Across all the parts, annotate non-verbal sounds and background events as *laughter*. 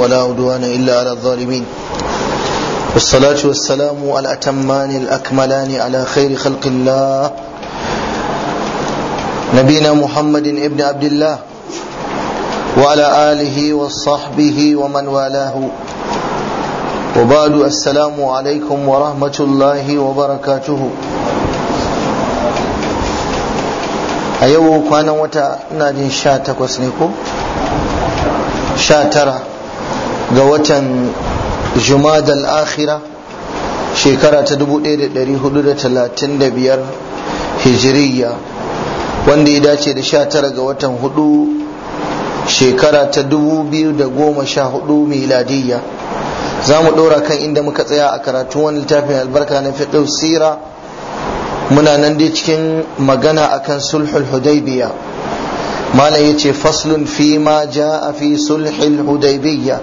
ولا عدوان إلا على الظالمين والصلاة والسلام الأتمان الأكملان على خير خلق الله نبينا محمد ابن عبد الله وعلى آله وصحبه ومن والاه وبعد السلام عليكم ورحمة الله وبركاته a yau kwanan wata ina jin sha takwas ne ko sha tara ga watan jumada al-akhira shekara ta 1435 hijiriya wanda ya dace da 19 ga watan hudu shekara ta 2014 miladiyya za mu ɗora kan inda muka tsaya a karatu wani littafin albarka na fiɗin sira muna nan dai cikin magana akan sulhul hudaibiya malam yace faslun fi ma ja a fi sulhul hudaybiya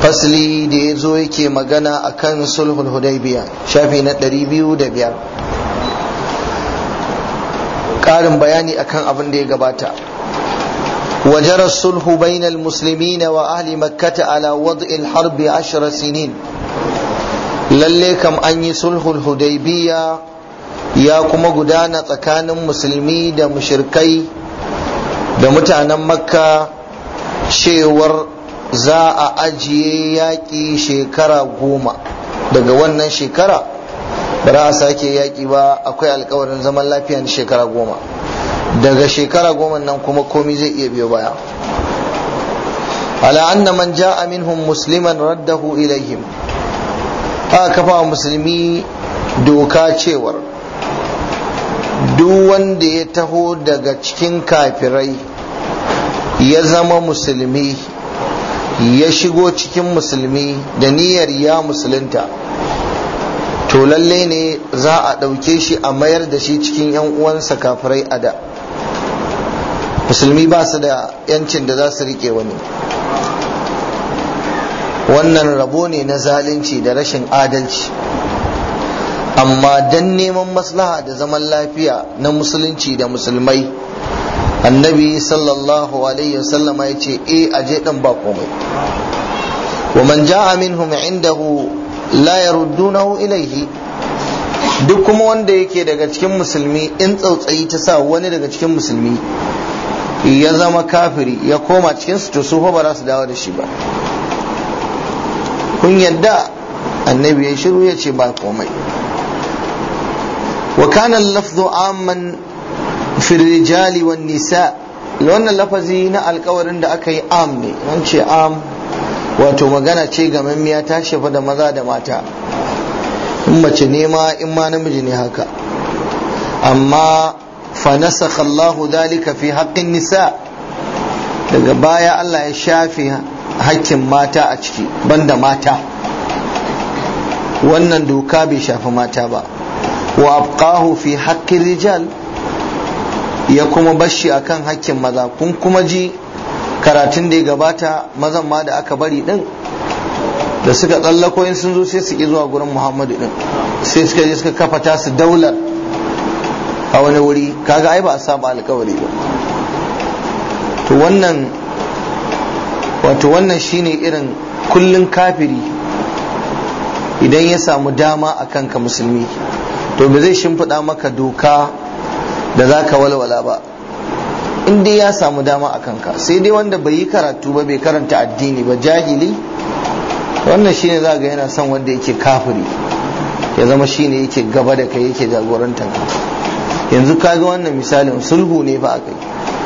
fasli da ya zo yake magana a kan sulhul hudaybiya shafi na 205 ƙarin bayani akan abin da ya gabata Musulmi الصلح wa ahli وأهل مكة على وضع harbi عشر sinin. lalle kam an yi sulhun Hudaibiya ya kuma gudana tsakanin musulmi da mushirkai da mutanen makka cewar za a ajiye yaƙi shekara goma daga wannan shekara ba za a sake yaƙi ba akwai alkawarin zaman lafiya na shekara goma daga shekara goma nan kuma komi zai iya biyo baya ala anna man ja'a minhum musliman raddahu ilaihim aka kafa musulmi doka cewar duk wanda ya taho daga cikin kafirai ya zama musulmi ya shigo cikin musulmi da niyyar ya musulunta to lalle ne za a ɗauke shi a mayar da shi cikin 'yan uwansa kafirai a da musulmi ba su da 'yancin da za su rike wani wannan rabo ne na zalunci da rashin adalci amma don neman maslaha da zaman lafiya na musulunci da musulmai annabi sallallahu alaihi wasallam ya ce eh aje dan ba komai wa man ja'a minhum indahu la yaruddunahu ilaihi duk kuma wanda yake daga cikin musulmi in tsautsayi ta sa wani daga cikin musulmi ya zama kafiri ya koma cikin su to su fa ba za su dawo da shi ba kun yadda annabi ya shiru ya ce ba komai wa kana lafzu amman fi rijali wan nisa wannan lafazi na alkawarin da aka yi am ne an ce am wato magana ce ga mamiya ta shafa da maza da mata in mace ne ma in ma namiji ne haka amma fa nasakha Allahu dalika fi haqqin nisa daga baya Allah ya shafi hakkin mata a ciki banda mata wannan doka bai shafi mata ba wa abqahu fi haqqin rijal ya kuma bashi kan hakkin maza kun kuma ji karatun da ya gabata mazan ma da aka bari din da suka tsallako in sun zo sai su ki zuwa gurin muhammadu din sai suka je suka kafa tasu daular a wani wuri kaga ai ba a saba alkawari ba to wannan wato wannan shine irin kullun kafiri idan ya samu dama a kanka musulmi to me zai shimfiɗa maka doka da za ka walwala ba in dai ya samu dama a kanka sai dai wanda bai yi karatu ba bai karanta addini ba jahili wannan shine za ga yana son wanda yake kafiri ya zama shine yake gaba da kai yake jagorantar ka yanzu kaga wannan misalin sulhu ne ba a kai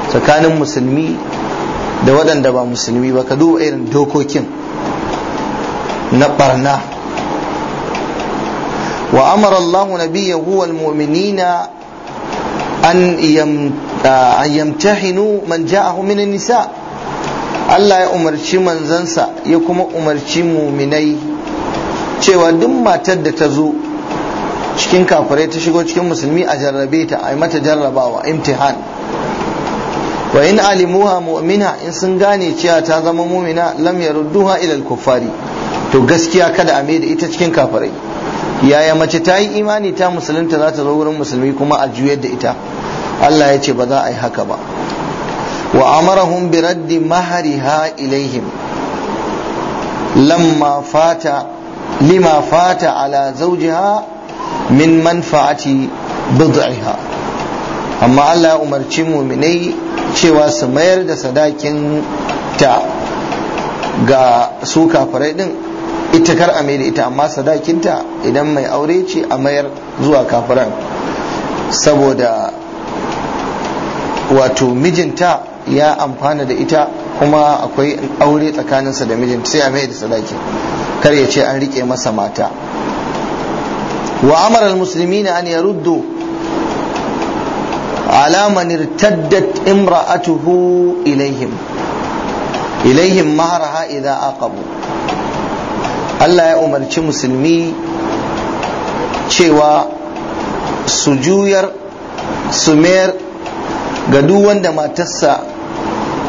tsakanin musulmi da waɗanda ba musulmi ba ka duba irin dokokin na barna wa amara Allahu nabiyyahu wal mu'minina an yamtahinu man ja'ahu min nisa Allah ya umarci manzansa ya kuma umarci muminai cewa duk matar da ta zo cikin kafirai ta shigo cikin musulmi a jarrabe ta a mata jarrabawa imtihan wa in alimuha mu'mina in sun gane cewa ta zama mumina lam yarudduha ila al-kuffari to gaskiya kada a da ita cikin kafirai yaya mace ta yi imani ta musulunta za ta zo wurin musulmi kuma a juyar da ita Allah ya ce ba za a yi haka ba wa amarahum biraddi mahari mahariha ilaihim lamma lima fata ala zaujiha min manfa'ati bid'iha amma Allah ya umarci muminai cewa su mayar da sadakin ta ga su kafirai din ita kar a da ita amma sadakinta idan mai aure ce a mayar zuwa kafiran saboda wato mijinta ya amfana da ita kuma akwai aure tsakaninsa da mijinta sai a mai da sadaki kar ya ce an rike masa mata wa amara na an ya ruddo man irtaddat imra'atuhu ilaihim ilaihim maharaha idza aqabu Allah ya umarci musulmi cewa su juyar su mayar ga duk wanda matarsa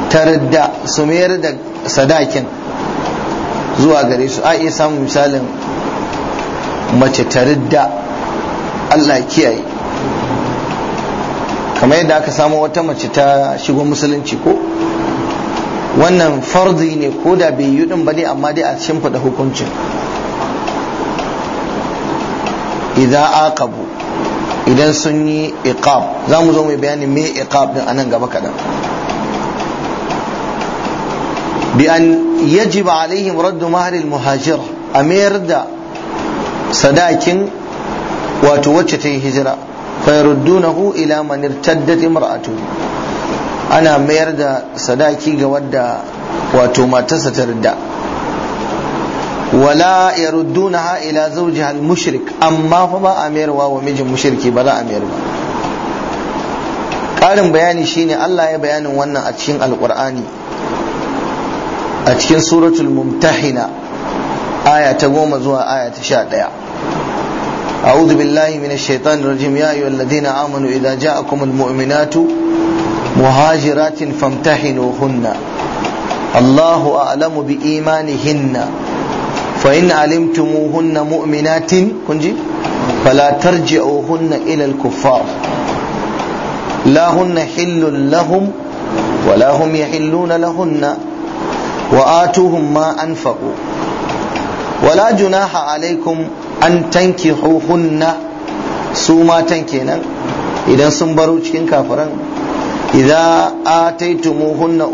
ta radda su mayar da sadakin zuwa gare su a iya samun misalin mace ta radda Allah kiyaye kamar yadda aka samu wata mace ta shigo musulunci ko wannan farzi ne ko da bai yi din ne amma dai a shimfiɗa hukuncin idan aqabu idan sun yi iqab za mu zo mai bayani me iqab din nan gaba kaɗan bi an yajib alaihim raddu maharil muhajir a mayar da sadakin wato wacce ta yi hijira fayaruddunahu ila man irtaddat imra'atu ana mayar da sadaki ga wadda wato matarsa ta ridda wala ha ila zawjiha al-mushrik amma fa ba a mayarwa wa mijin mushriki ba za a mayar ba ƙarin bayani shine Allah ya bayanin wannan a cikin alƙur'ani a cikin suratul mumtahina aya ta goma zuwa aya ta sha ɗaya أعوذ بالله من الشيطان الرجيم يا أيها الذين آمنوا إذا جاءكم المؤمنات مهاجرات فامتحنوهن الله أعلم بإيمانهن فإن علمتموهن مؤمنات كنجي فلا ترجعوهن إلى الكفار لا هن حل لهم ولا هم يحلون لهن وآتوهم ما أنفقوا ولا جناح عليكم أن تنكحوهن سوما تنكينا إذا سنبروا كافرا idza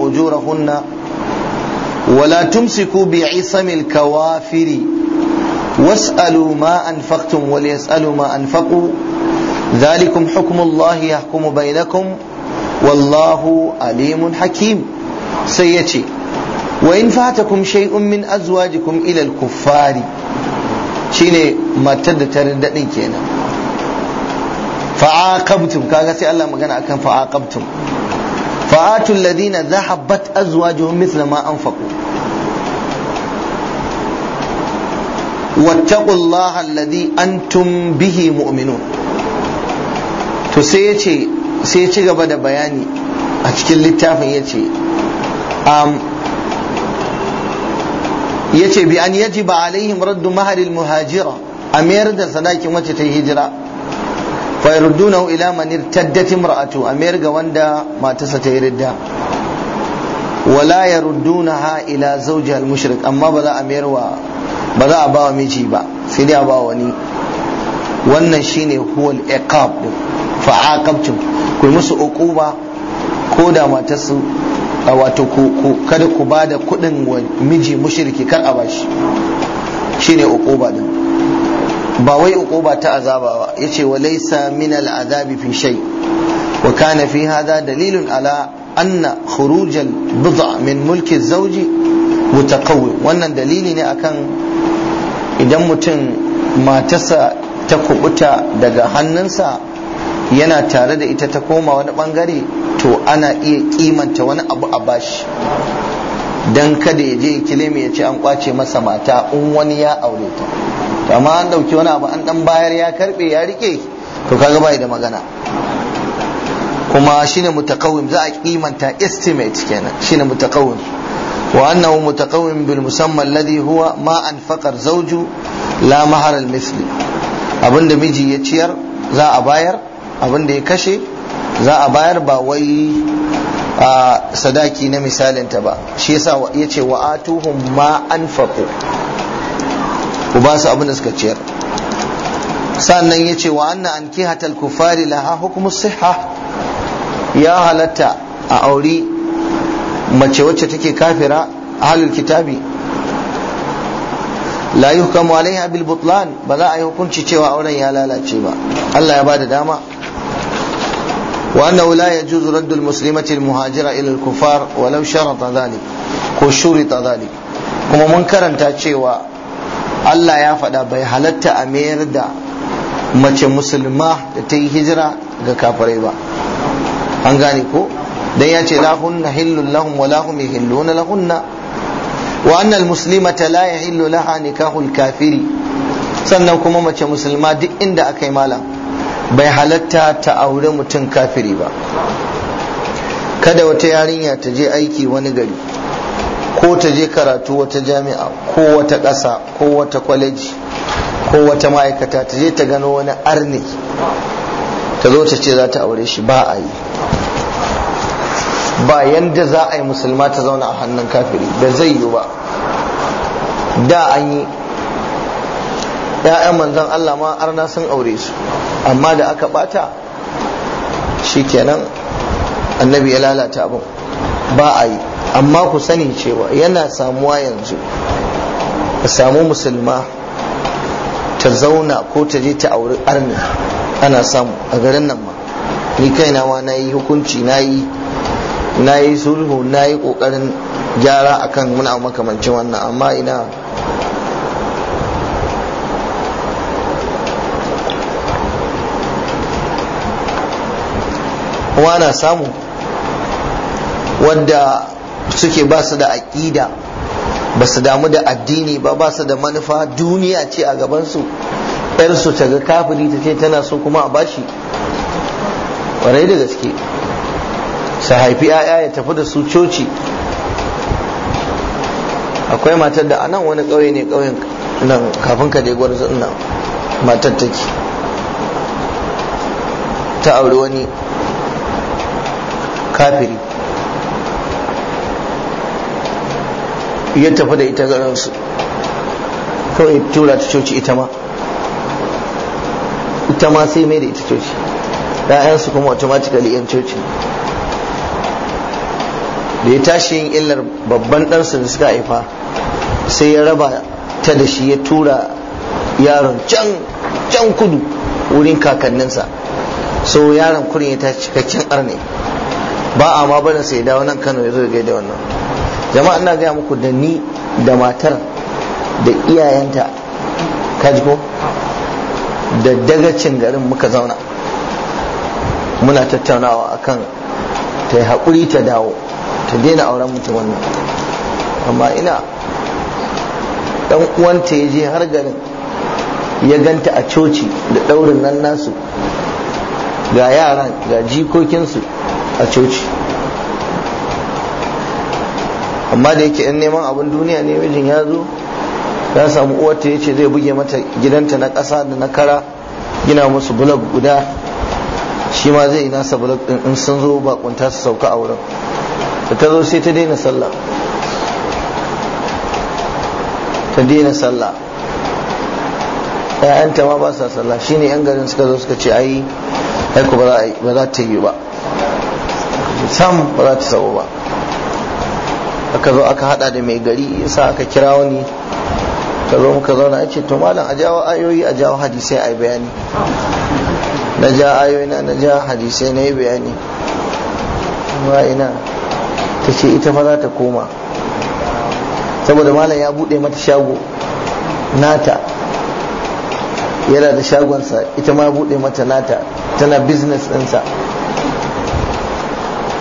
ujura hunna wala tumsiku bi isamil kawafiri was'alu ma anfaqtum wal yas'alu ma anfaqu dhalikum hukmullahi yahkumu bainakum wallahu alimun hakim sai yace wa in fatakum shay'un min azwajikum ila al-kuffari shine matar da ta daɗin kenan fa'aqabtum kaga sai Allah magana akan fa'aqabtum fa'atu ladina dhahabat azwajuhum mithla ma anfaqu wattaqullaha alladhi antum bihi mu'minun to sai yace sai ya ci gaba da bayani a cikin littafin yace um, yace bi an yajiba alaihim raddu mahar almuhajira amir da sadakin wacce ta hijira fa yardunahu ila man irtaddat imra'atu amir ga wanda matarsa ta yarda wala ha ila zawjiha al-mushrik amma ba za a mayar ba za a ba wa miji ba sai dai a ba ni. wannan shine huwal iqab fa aqabtum ku musu uquba ko da matarsu wato kada ku bada da kuɗin wa miji mushriki kar a bashi shine uquba din ba wai uquba ta azaba ba yace wa laysa min al azabi fi shay wa kana fi hadha dalilun ala anna khuruj al bid'a min mulk al zawji mutaqawwi wannan dalili ne akan idan mutum matarsa ta kubuta daga hannunsa yana tare da ita ta koma wani bangare to ana iya kimanta wani abu a bashi dan kada ya je ya kilimi ya ce an kwace masa mata in wani ya aure ta to amma an dauki wani abu an dan bayar ya karbe ya rike to kaga bai da magana kuma shine mutakawwim za a kimanta estimate kenan shine mutakawwim wa annahu mutakawwim bil musamma alladhi huwa ma anfaqar zawju la mahar al misli abinda miji ya ciyar za a bayar abinda ya kashe za a bayar ba wai a sadaki na misalinta ba shi yasa yace wa atuhum ma anfaqu ku ba su abin da suka ciyar sannan ya ce wa anna an kihatal kufari laha hukumu siha ya halatta a auri mace wacce take kafira halul kitabi la yuhkamu alaiha bil butlan ba za a yi hukunci cewa auren ya lalace ba Allah ya ba da dama wa annahu la yajuzu raddul muslimati al muhajira ila al kufar walau sharata ko shurita dhalik kuma mun karanta cewa Allah ya faɗa bai halatta a mayar da mace musulma da ta yi hijira ga kafirai ba an gane ko dan ya ce lahunna hillun lahum wa lahum yahilluna lahunna wa anna almuslimata la yahillu laha nikahul kafiri sannan kuma mace musulma duk inda aka yi malam bai halatta ta aure mutum kafiri ba kada wata yarinya ta je aiki wani gari ko ta je karatu wata jami'a ko wata ƙasa ko wata kwaleji ko wata ma'aikata ta je ta gano wani arni ta zo ta ce za ta aure shi ba a yi ba yanda za a yi musulma ta zauna a hannun kafiri da zai yi ba da an yi ya'yan manzan Allah ma arna sun aure su amma da aka bata kenan annabi ya lalata abin ba a yi amma ku sani cewa yana samuwa yanzu ka samu musulma ta zauna ko ta je ta auri arni ana samu a garin nan ma ni kaina ma na yi hukunci na yi na yi sulhu na yi kokarin gyara akan muna makamancin wannan amma ina wana samu wadda suke ba su da aƙida ba su damu da addini ba ba su da manufa duniya ce a gabansu yarsu ta ga kafiri ta ce tana so kuma a bashi ƙwarai da gaske su haifi 'ya'ya ya tafi da su coci akwai matar da anan wani ƙauye ne ƙauyen nan kafin ka daigwar nan matar take ta auri wani kafiri ya tafi da ita garinsu kawai tura ta coci ita ma ita ma sai mai da ita coci su kuma automatically yan coci da ya tashi yin illar babban ɗansu da suka haifa sai ya raba ta da shi ya tura yaron can kudu wurin kakanninsa so yaron kurin ya tashi cikakken arne ba a ma barin sai dawo nan kano ya zo ya gaida wannan jama'a ina gaya muku da ni da matar da iyayenta kaji ko da dagacin garin muka zauna muna tattaunawa akan ta yi haƙuri ta dawo ta daina auren mutum wannan amma ina dan uwanta ya je har garin ya ganta a coci da ɗaurin nan nasu ga yaran ga jikokinsu a coci amma da yake yan neman abin duniya ne mijin ya zo ya samu uwarta ya ce zai buge mata gidanta na ƙasa da na kara gina musu bulog guda shi ma zai nasa bulog ɗin in sun zo bakunta su sauka a wurin da ta zo sai ta daina sallah ta daina sallah ƴaƴanta ma ba sa sallah shine yan garin suka zo suka ce ai ai ba za ta yi ba sam ba za ta sabo ba aka zo aka hada da mai gari yasa aka kira wani ka zo muka zauna ake to malam a jawo ayoyi a jawo hadisai a yi bayani na ja ayoyi na ja hadisai na yi bayani amma ina ta ce ita fa za ta koma saboda malam ya bude mata shago nata yana da shagonsa ita ma bude mata nata tana business ɗinsa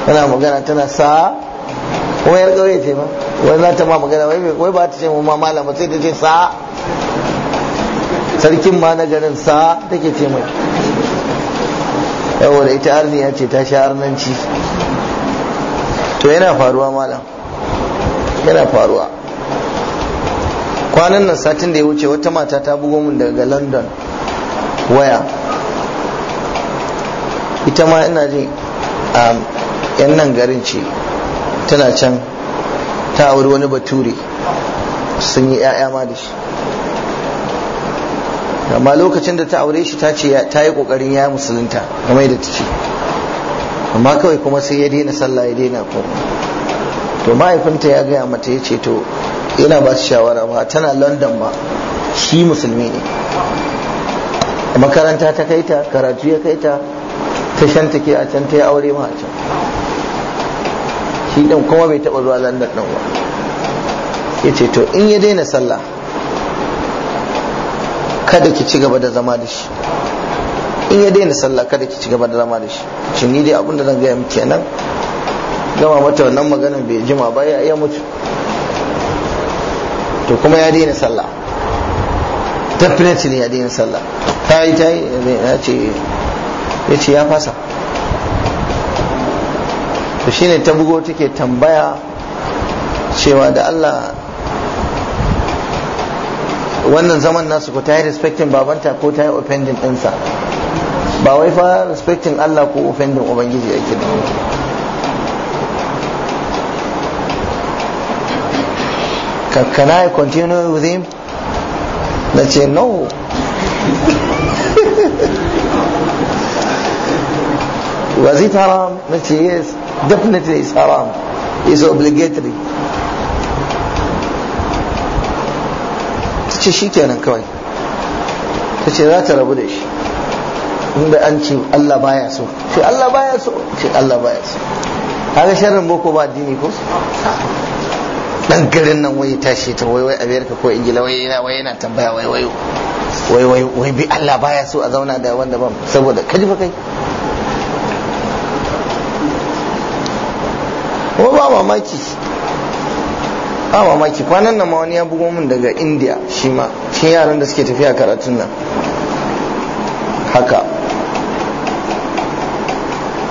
tana magana tana sa kuma yar kauye ce ma wai za ta ma magana wai ba ta ce mu ma malama sai ta ce sa sarkin ma na garin sa take ce mai yawon ita arniya ce ta sha arnanci to yana faruwa malam yana faruwa kwanan nan satin da ya wuce wata mata ta bugo mun daga london waya ita ma ina ji um, yan nan garin ce tana can ta auri wani bature sun yi 'ya'ya ma da shi amma lokacin da ta aure shi ta ce ta yi kokarin ya musulunta game da ta ce amma kawai kuma sai ya daina sallah ya daina ko to mahaifinta ya gaya mata ya ce to yana ba su shawara ba tana london ba shi musulmi ne makaranta ta kai ta karatu ya kai ta ta shanta ke a can ta yi aure ma a can shi ɗan kuma bai taɓa zuwa london ɗin ba ya ce to in ya daina sallah kada ki ci gaba da zama da shi in ya daina sallah kada ki ci gaba da zama da shi shi ni dai abinda zan gaya miki nan gama mata wannan maganin bai jima ba ya mutu to kuma ya daina sallah definitely ya daina sallah ta yi ta yi ya ce ya fasa to shine ta bugo take tambaya cewa da Allah wannan zaman nasu ko ta yi respecting babanta ko ta yi offending ɗinsa ba wai fa respecting Allah ko offending ubangiji yake da Ka can I continue with him na ce no *laughs* wazi it na ce yes *laughs* Definitely it's haram. It's obligatory. Ta ce shi kenan kawai. Ta ce za ta rabu da shi. Inda an ce Allah baya so. Ce Allah baya so. Ce Allah baya so. Haka sharrin boko ba addini ko? Dan garin nan wai tashi ta wai wai Amerika ko Ingila wai yana wai yana tambaya wai wai wai wai wai bi Allah baya so a zauna da wanda ban saboda kaji fa kai. ko ba mamaki ba mamaki kwanan nan ma wani ya bugo min daga india shi ma shi yaran da suke tafiya karatun nan haka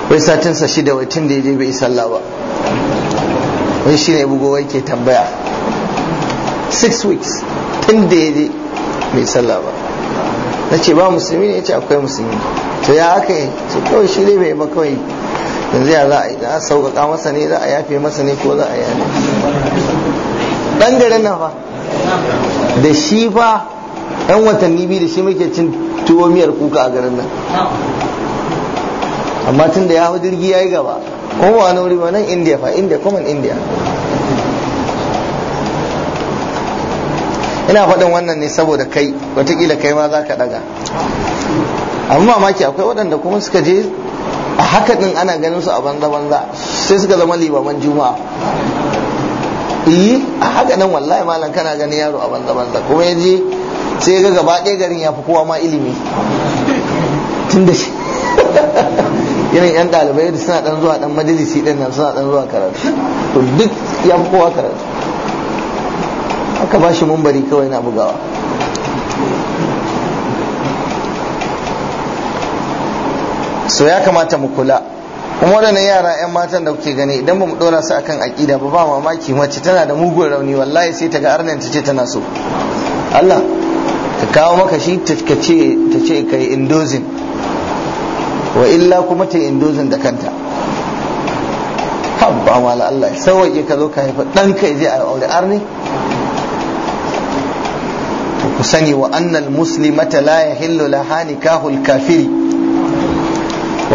wai sa shida wai tun da ya je bai sallah ba wai shi ne bugo wai ke tambaya six weeks tun da ya je bai sallah ba na ce ba musulmi ne ya ce akwai musulmi to ya aka yi ce kawai shi ne bai ba kawai yanzu ya za a yi za a sauƙaƙa masa ne za a yafe masa ne ko za a yafe ɗan garin nan fa da shi fa ɗan watanni biyu da shi muke cin tuwo miyar kuka a garin nan amma tun da ya hau jirgi ya yi gaba kuma ba wani wuri ba nan indiya fa indiya common indiya ina faɗin wannan ne saboda kai watakila kai ma za ka ɗaga amma mamaki akwai waɗanda kuma suka je a haka din ana ganin su a banza banza sai suka zama libaman juma'a yi eh, a haka nan wallahi malam kana ganin yaro a banza banza kuma yaje sai ga gaba ɗaya garin ya fi kowa ma ilimi tun da shi *laughs* irin yan ɗalibai da suna ɗan zuwa ɗan majalisi ɗin nan suna ɗan zuwa karatu to duk ya fi kowa karatu aka ba shi mumbari kawai na bugawa so ya kamata mu kula kuma waɗannan yara 'yan matan da kuke gani idan ba mu dora su akan aƙida ba ba mamaki mace tana da mugun rauni wallahi sai ta ga arnan ta ce tana so Allah ka kawo maka shi ta ce ta ce ka yi indozin wa illa kuma ta yi indozin da kanta habba mala Allah sauwaƙe ka zo ka haifa dan kai zai a aure arni ku sani wa annal muslimata la yahillu laha nikahul kafiri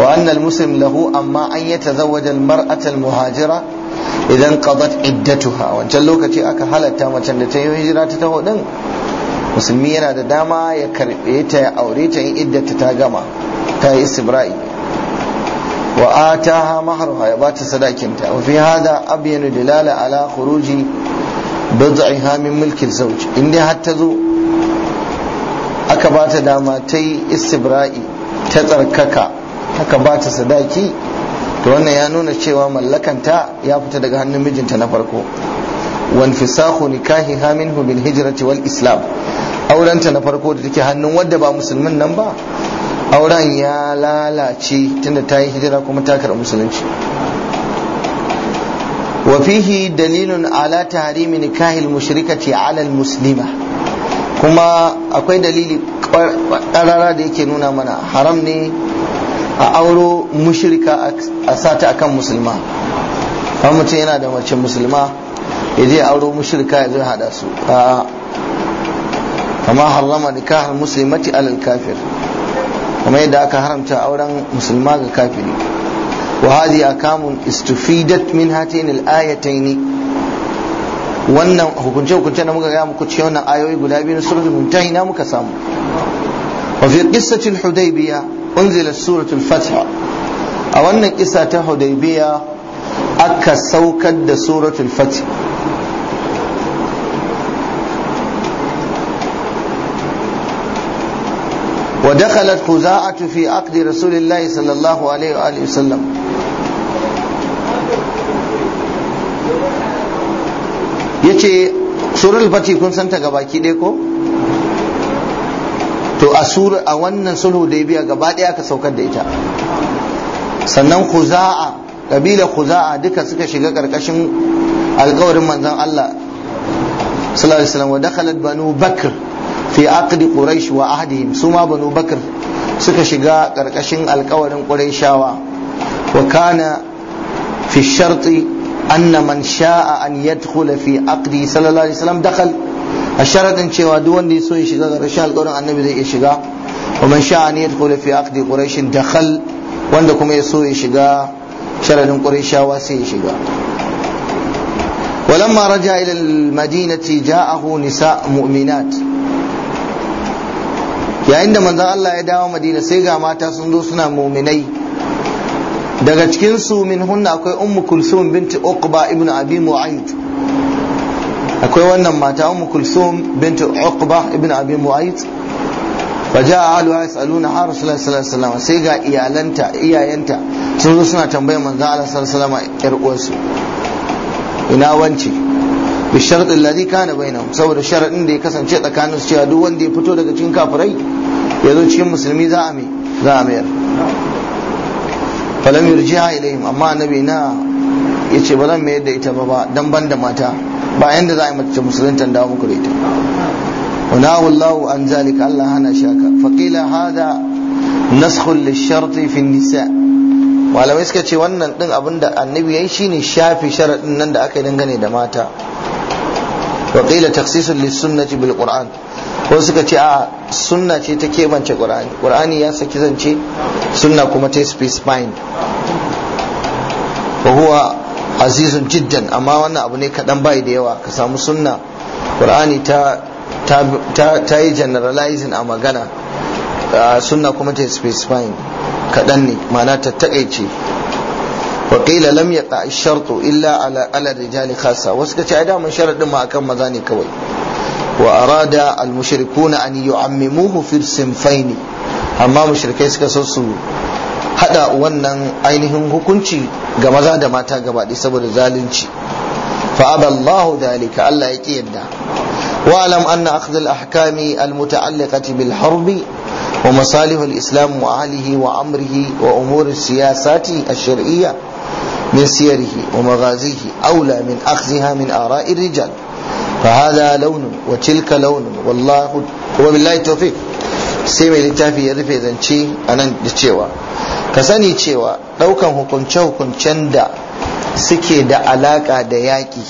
وأن المسلم له أما أن يتزوج muhajira idan إذا انقضت عدتها wancan lokaci aka halatta macen da ta yi hijira ta taho din musulmi yana da dama ya karbe ta ya aure ta in iddata ta gama ta yi istibra'i wa ataha mahruha ya bata sadakinta wa fi hada abyanu dilala ala khuruji bid'iha min mulki zawj inda har ta zo aka bata dama ta isbra'i ta tsarkaka aka ba ta sadaki to wannan ya nuna cewa mallakanta ya fita daga hannun mijinta na farko fisahu nikahi minhu bil hijrati wal islam aurenta na farko da take hannun wadda ba musulmin nan ba auren ya lalace tunda ta yi hijira kuma ta karɓi musulunci wa fihi dalilun ala tahrimi nikahil mushrikati ala al muslima kuma akwai dalili ƙarara da yake nuna mana haram ne a auro mushrika a sata akan musulma kan mutum yana da mace musulma ya je auro mushrika ya zai hada su kama harrama nikahar muslimati alal kafir kuma yadda aka haramta auren musulma ga kafiri wa hadhi akamun istufidat min hatin al-ayatayn wannan hukunce hukunce da muka ga muku ce wannan ayoyi guda biyu na suratul na muka samu wa fi qissati al-hudaybiyah unzilat suratul fatha a wannan kisa ta hudaybiya aka saukar da suratul fatha wa خزاعة في عقد رسول الله صلى الله عليه وآله وسلم yace suratul fati kun santa gabaki ɗaya ko to a sura a wannan sulhu da biya gaba daya aka saukar da ita sannan khuza'a kabila khuza'a duka suka shiga karkashin alkawarin manzon Allah sallallahu alaihi wasallam wa dakhalat banu bakr fi aqdi quraish wa ahdihim suma banu bakr suka shiga karkashin alkawarin quraishawa wa kana fi sharti anna man sha'a an yadkhula fi aqdi sallallahu alaihi wasallam dakhala a sharadin cewa duk wanda ya so ya shiga ƙarshen alƙawarin annabi zai iya shiga wa man sha'a ne yadkhulu fi aqdi quraish dakhal wanda kuma ya so ya shiga sharadin qurayshawa sai ya shiga ولما رجع إلى المدينة جاءه نساء مؤمنات yayin da manzon Allah ya dawo Madina sai ga mata sun zo suna muminai daga cikin su min hunna akwai ummu kulsum binti uqba ibn abi mu'ayth akwai wannan mata umu kulsum bint uqba ibn abi mu'ayt faja'a ahluha yasaluna har rasulullahi sallallahu alaihi wasallam sai ga iyalanta iyayenta sun zo suna tambayar manzo Allah sallallahu alaihi wasallam yar ina wance bi sharadi alladhi kana bainahum saboda sharadin da ya kasance tsakanin su cewa duk wanda ya fito daga cikin kafirai ya zo cikin musulmi za a mai za a mayar falam yurji'a ilaihim amma annabi na yace ba zan mayar da ita ba ba dan ban da mata ba yadda za a yi mace musulunta da muku da ita ونهى الله عن ذلك الله هنا شاكا فقيل هذا نسخ للشرط fi nisa malamai suka ce wannan din abin da annabi yayi shine shafi sharadin nan da aka yi dangane da mata fakila qila lissun na sunnati bil qur'an ko suka ce a sunna ce ta kebance qur'ani qur'ani ya saki zance sunna kuma ta specified wa huwa azizun jiddan amma wannan abu ne kaɗan bai da yawa ka samu sunna qur'ani ta ta yi generalizing a magana sunna kuma ta specifying kaɗan ne ma'ana ta taƙaice waƙila lam ya shartu illa ala rijali khasa wasu ka ce ai daman sharaɗin ma akan maza ne kawai wa arada al mushrikuna an yu'ammimuhu fi simfaini amma mushrikai suka so su hada wannan ainihin hukunci ga maza da mata gaba ɗaya saboda zalunci fa'ada Allah dalika Allah ya ƙi yadda wa alam anna akhdhal ahkami al muta'alliqati bil harb wa masalih al islam wa alihi wa amrihi wa umur siyasati a shar'iyya min siyarihi wa maghazihi aula min akhdhiha min ara'i al rijal fa hada lawn wa tilka lawn wallahu wa billahi sai mai littafi ya rufe zance a nan da cewa ka sani cewa ɗaukan hukunce-hukuncen da suke da alaka da yaƙi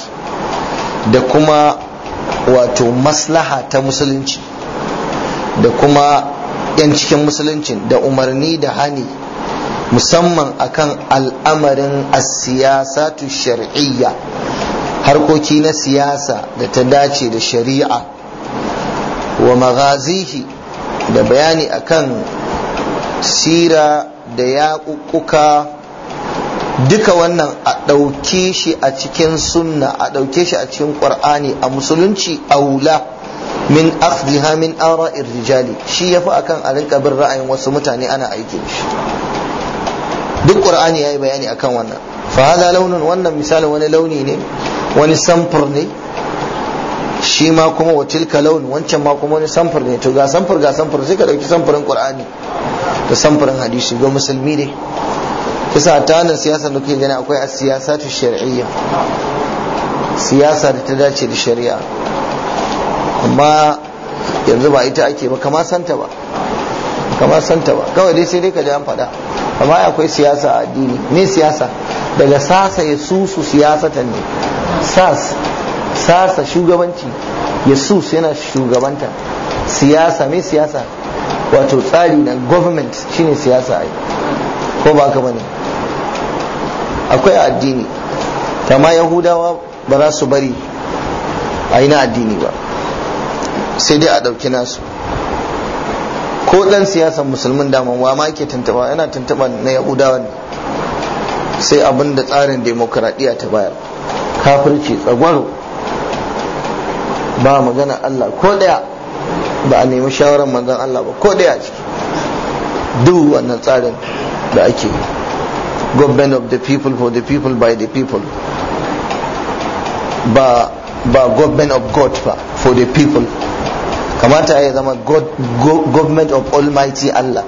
da kuma wato maslaha ta musulunci da kuma 'yan cikin musulunci da umarni da hani musamman akan al'amarin asiyasatu shar'iyya harkoki na siyasa da ta dace da shari'a wa magazihi da bayani akan sira da yaƙuƙuka duka wannan a ɗauke shi a cikin sunna a ɗauke shi a cikin ƙwar'ani a musulunci a wula min akhdiha min ara rijali shi yafi akan a rinka bin ra'ayin wasu mutane ana aiki shi duk ƙur'ani yi bayani akan wannan fa hada launin wannan misalin wani launi ne wani samfur ne shi ma kuma wa tilka launi wancan ma kuma wani samfur ne to ga samfur ga samfur sai ka dauki samfurin qur'ani da samfurin hadisi ga musulmi ne kisa ta nan siyasa da kuke gani akwai siyasa ta shar'iyya siyasa da ta dace da shari'a amma yanzu ba ita ake ba kama santa ba kama santa ba kawai dai sai dai ka ji an faɗa amma akwai siyasa a addini ne siyasa daga sasa ya susu siyasatan ne sasa sasa shugabanci yasus yana shugabanta siyasa mai siyasa wato tsari na government shine siyasa ai ko ba ka bane akwai addini kama yahudawa ba za su bari a yi na addini ba sai dai a ɗauki nasu ko ɗan siyasan musulmin daman wa ma ke tantaba yana tantaba na yahudawa ne sai abin da tsarin demokradiyya ta bayar kafirci tsagwaro ba magana Allah ko daya ba a nemi shawarar manzon Allah ba ko daya ciki duk wannan tsarin da ake government of the people for the people by the people ba ba government of God ba for the people kamata ya zama God go, government of Almighty Allah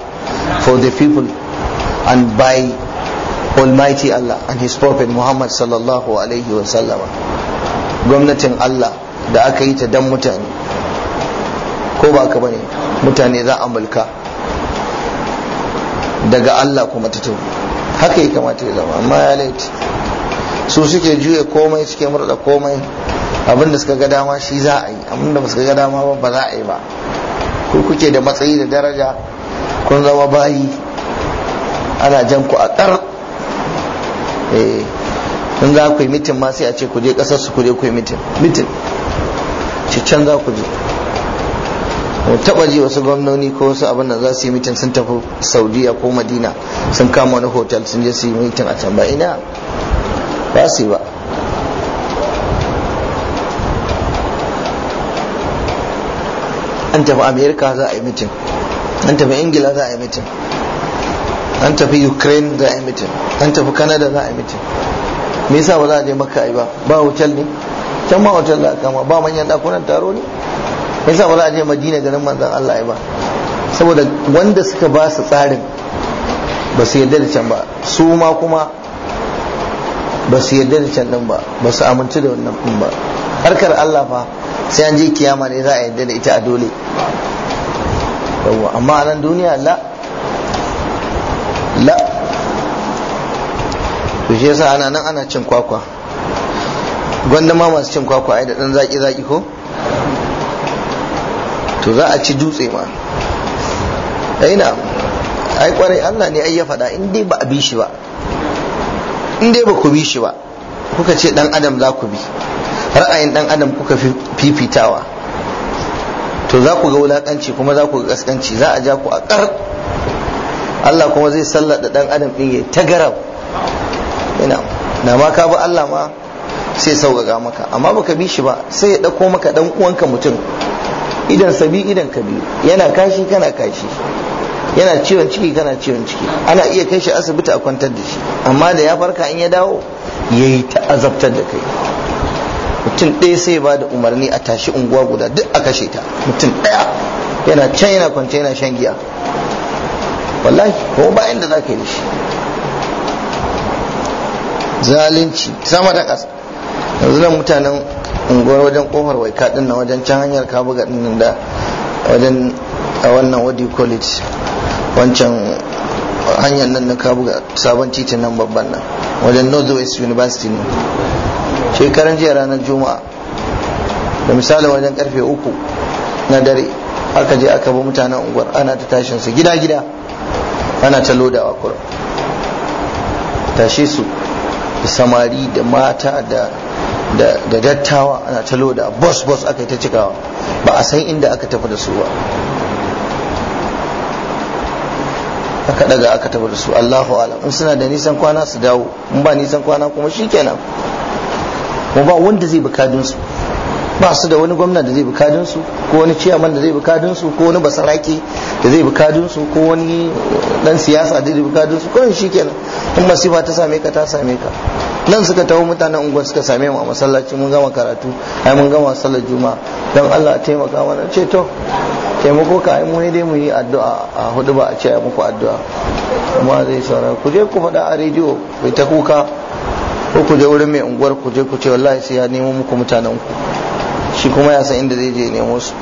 for the people and by Almighty Allah and His Prophet Muhammad sallallahu alaihi wa sallama gwamnatin Allah da aka yi ta dan mutane ko ba ka bane mutane za a mulka daga Allah kuma ta tafi haka ya kamata ya zama amma ya laifi su suke juya komai suke murda komai abinda suka ga dama shi za a yi abinda ba suka ga dama ba ba za a yi ba ku kuke da matsayi da daraja kun zama bayi ana jan ku a ƙar eh in za ku yi mitin ma sai a ce ku je kasar su ku je ku yi mitin mitin ce can za ku je mu taba ji wasu gwamnoni ko wasu abin da za su yi mitin sun tafi saudiya ko madina sun kama wani hotel sun je su yi mitin a can ba ina ba su yi ba an tafi amerika za a yi mitin an tafi ingila za a yi mitin an tafi ukraine za a yi mitin an tafi canada za a yi mitin me yasa ba za a je makka ai ba ba hotel ne can ma hotel da kama ba manyan dakunan taro ne me yasa ba za a je madina garin manzon Allah ai ba saboda wanda suka ba su tsarin ba su yarda da can ba su ma kuma ba su yarda da can din ba ba su amince da wannan din ba harkar Allah fa sai an je kiyama ne za a yarda da ita a dole amma a nan duniya la la to shi yasa ana nan ana cin kwakwa gwanda ma masu cin kwakwa ai da dan zaki zaki ko to za a ci dutse ma ai na ai kwarai Allah ne ai ya faɗa in dai ba a bi shi ba in dai ba ku bi shi ba kuka ce dan adam za ku bi ra'ayin dan adam kuka fifitawa to za ku ga wulakanci kuma za ku ga kaskanci za a ja ku a kar Allah kuma zai sallada dan adam din ya ta garau. ina na ma ka bi Allah ma sai sauƙaƙa maka amma baka bi shi ba sai ya ɗauko maka ɗan uwanka mutum idan sabi idan ka biyu yana kashi kana kashi yana ciwon ciki kana ciwon ciki ana iya kai shi asibiti a kwantar da shi amma da ya farka in ya dawo ya yi ta azabtar da kai mutum ɗaya sai ba da umarni a tashi unguwa guda duk a kashe ta mutum ɗaya yana can yana kwance yana shan giya wallahi ko bayan da za ka yi da shi zalunci sama da ƙasa yanzu nan mutanen unguwar wajen kofar waika din na wajen can hanyar ga din da wajen a wannan wadi college wancan hanyar nan na ga sabon titin nan babban nan wajen northwest university ne shekaran jiya ranar juma'a da misali wajen karfe uku na dare aka je aka bi mutanen unguwar ana ta tashin su gida gida ana ta lodawa kura tashi su samari da mata da dattawa ana talo da bus bus aka yi ta cikawa ba a san inda aka tafi da su ba aka daga aka tafi da su Allahu alam in suna da nisan kwana su dawo in ba nisan kwana kuma shi shikenan kuma ba wanda zai bi kadinsu su ba su da wani gwamna da zai kadin su ko wani ciyaman da zai kadin su ko wani basaraki da zai kadin su ko wani dan siyasa da zai kadin su kurin shikenan in masifa ta same ka ta same ka nan suka taho mutanen unguwar suka same mu a masallaci mun gama karatu ai mun gama sallar juma'a dan Allah taimaka mana ce to taimako ka ai mu ne dai mu yi addu'a a hudu ba a ce muku addu'a amma zai saura ku je ku faɗa a rediyo bai ta kuka ko ku je wurin mai unguwar ku je ku ce wallahi sai ya nemo muku mutanen ku shi kuma ya san inda zai je nemo su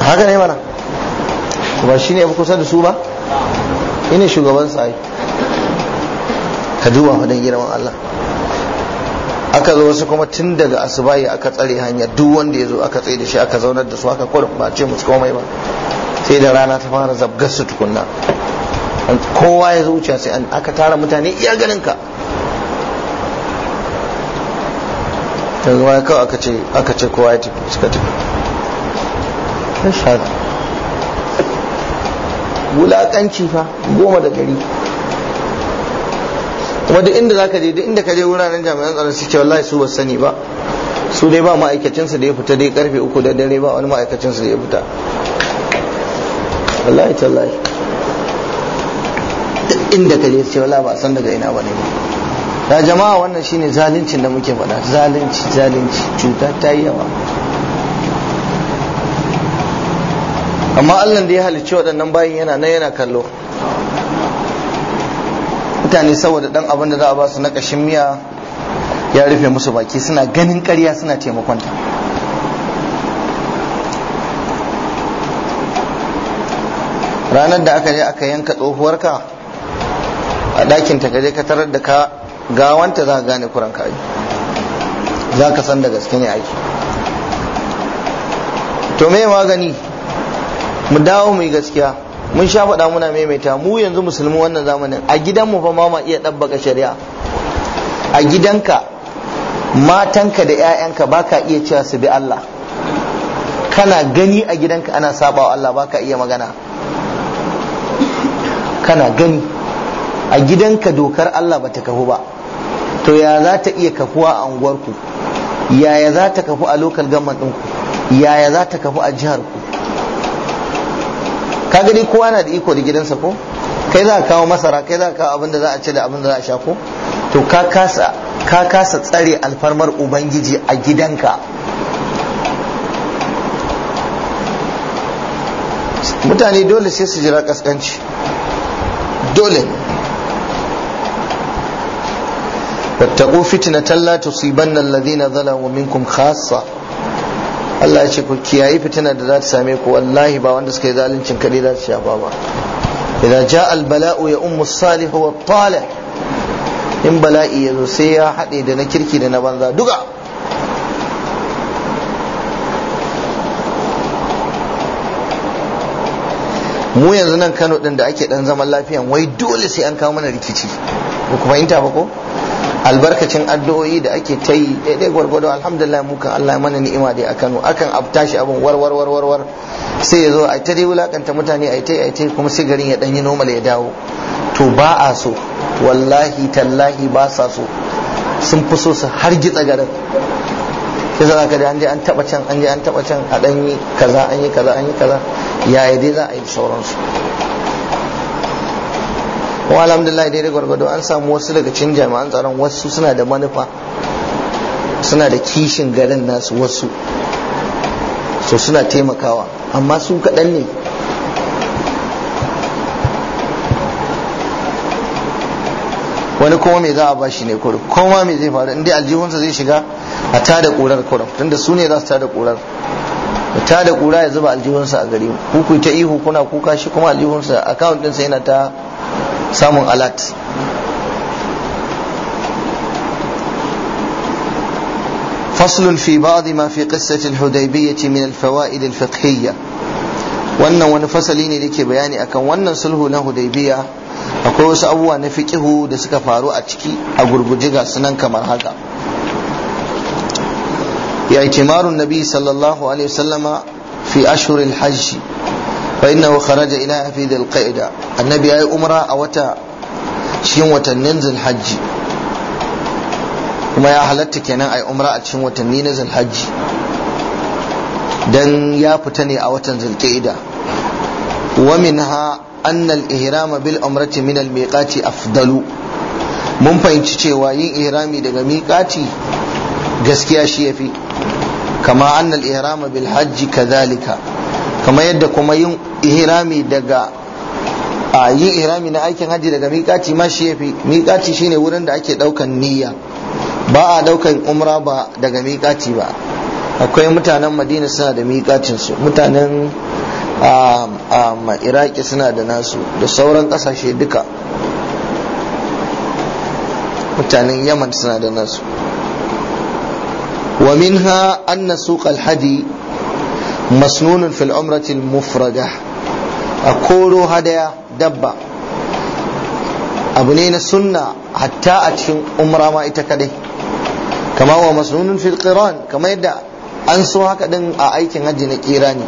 haka ne mana ba shi ne kusa da su ba ina shugaban sa ka duba hudun girman Allah aka zo wasu kuma tun daga asubahi aka tsare hanya duk wanda ya zo aka tsaye da shi aka zaunar da su aka kurin ba ce musu komai ba sai da rana ta fara zabgar su tukunna kowa ya zo wuce sai aka tara mutane iya ganin ka yanzu ma kawai aka ce aka ce kowa ya tafi suka tafi wulaƙanci fa goma da gari kuma duk inda zaka je duk inda ka je wuraren jami'an tsaron su ce wallahi su ba sani ba su dai ba ma'aikacin su da ya fita dai karfe uku da dare ba wani ma'aikacin su da ya fita wallahi tallahi duk inda ka je ce wallahi ba san daga ina ba ne ba da jama'a wannan shine zaluncin da muke faɗa zalunci zalunci cuta ta yi yawa amma allah da ya halicci waɗannan bayan yana nan yana kallo mutane saboda ɗan abin da za a ba su na ƙashin miya ya rufe musu baki suna ganin ƙarya suna taimakonta ranar da aka je aka yanka tsohuwarka a ɗakin ta ka tarar da ka ga wanta za ka gane kuran ka za ka san da gaske ne aiki to me magani mu dawo mu yi gaskiya mun sha faɗa muna maimaita mu yanzu musulmi wannan zamanin a gidanmu fa ma ma iya ɗabbaka shari'a a gidanka matanka da 'ya'yanka ba ka iya cewa su bi Allah kana gani a gidanka ana saba wa Allah ba ka iya magana kana gani a gidanka dokar Allah ba ta kahu ba to ya za ta iya kafuwa a unguwarku yaya za ta kafu a lokal gaman ɗinku yaya za ta kafu a jihar ku ka gani kowa na da iko da gidansa ko kai za ka kawo masara kai za ka kawo abin da za a ci da abin da za a sha ko to ka kasa ka kasa tsare alfarmar ubangiji a gidanka mutane dole sai su jira kaskanci dole wattaqu fitnatan la tusibanna alladhina zalamu minkum khassa Allah ya ce ku kiyayi fitina da za ta same ku wallahi ba wanda suka yi zaluncin kadai za ta shafa ba idan ja albala'u ya ummu salih wa talih in bala'i ya zo sai ya haɗe da na kirki da na banza duka mu yanzu nan Kano din da ake dan zaman lafiyan wai dole sai an kawo mana rikici ku kuma ba ko albarkacin addu'o'i da ake ta yi daidai gwargwado alhamdulillah mu kan Allah ya mana ni'ima da a Kano akan abtashi abin warwar war war sai ya zo a ta dai wulakanta mutane a ta a ta kuma sai garin ya dan yi normal ya dawo to ba a so wallahi tallahi ba sa so sun fi so su hargitsa garin sai za ka an je an taba can an je an taba can a dan yi kaza an yi kaza an yi kaza yaya dai za a yi sauransu wa alhamdulillah daidai gwargwado an samu wasu daga cikin jami'an tsaron wasu suna da manufa suna da kishin garin nasu wasu so suna taimakawa amma su kaɗan ne wani kuma me za a bashi ne kurum kuma me zai faru inda aljihunsa zai shiga a tada ƙurar kurum tunda su ne za su tada ƙurar ta da kura ya zuba aljihunsa a gari ku ku ta ihu kuna kuka shi kuma aljihunsa account ɗinsa yana ta samun alat فصل fi بعض ما في قصة الحديبية من الفوائد الفقهية wannan wani fasali ne da ke bayani akan wannan sulhu na hudaybiya akwai wasu abubuwa na fiqihu da suka faru a ciki a gurguje ga sunan kamar haka ya itimarun nabi sallallahu alaihi wasallama fi ashhuril haji. fa wa kharaja ila fi dil qaida annabi yayi umra a wata cikin watannin hajji. kuma ya halatta kenan ai umra a cikin watannin na hajji. dan ya fita ne a watan zulqaida wa minha anna al-ihrama bil umrati min al-miqati afdalu mun fahimci cewa yin ihrami daga miƙati gaskiya shi yafi kama anna al-ihrama bil hajji kadhalika kamar yadda kuma yin ihrami daga a yin ihrami na aikin hajji daga miƙaci ma shi yafi miƙaci shine wurin da ake ɗaukan niyya ba a ɗaukan umra ba daga miƙaci ba akwai mutanen madina suna da miƙacinsu mutanen iraki suna da nasu da sauran ƙasashe duka mutanen yaman suna da nasu wa minha an suq hadi masnunun fil umratil mufrada a koro hadaya dabba abu ne na sunna hatta a cikin umra ma ita kadai kama wa masnunun fil qiran kama yadda an so haka din a aikin hajji na kirani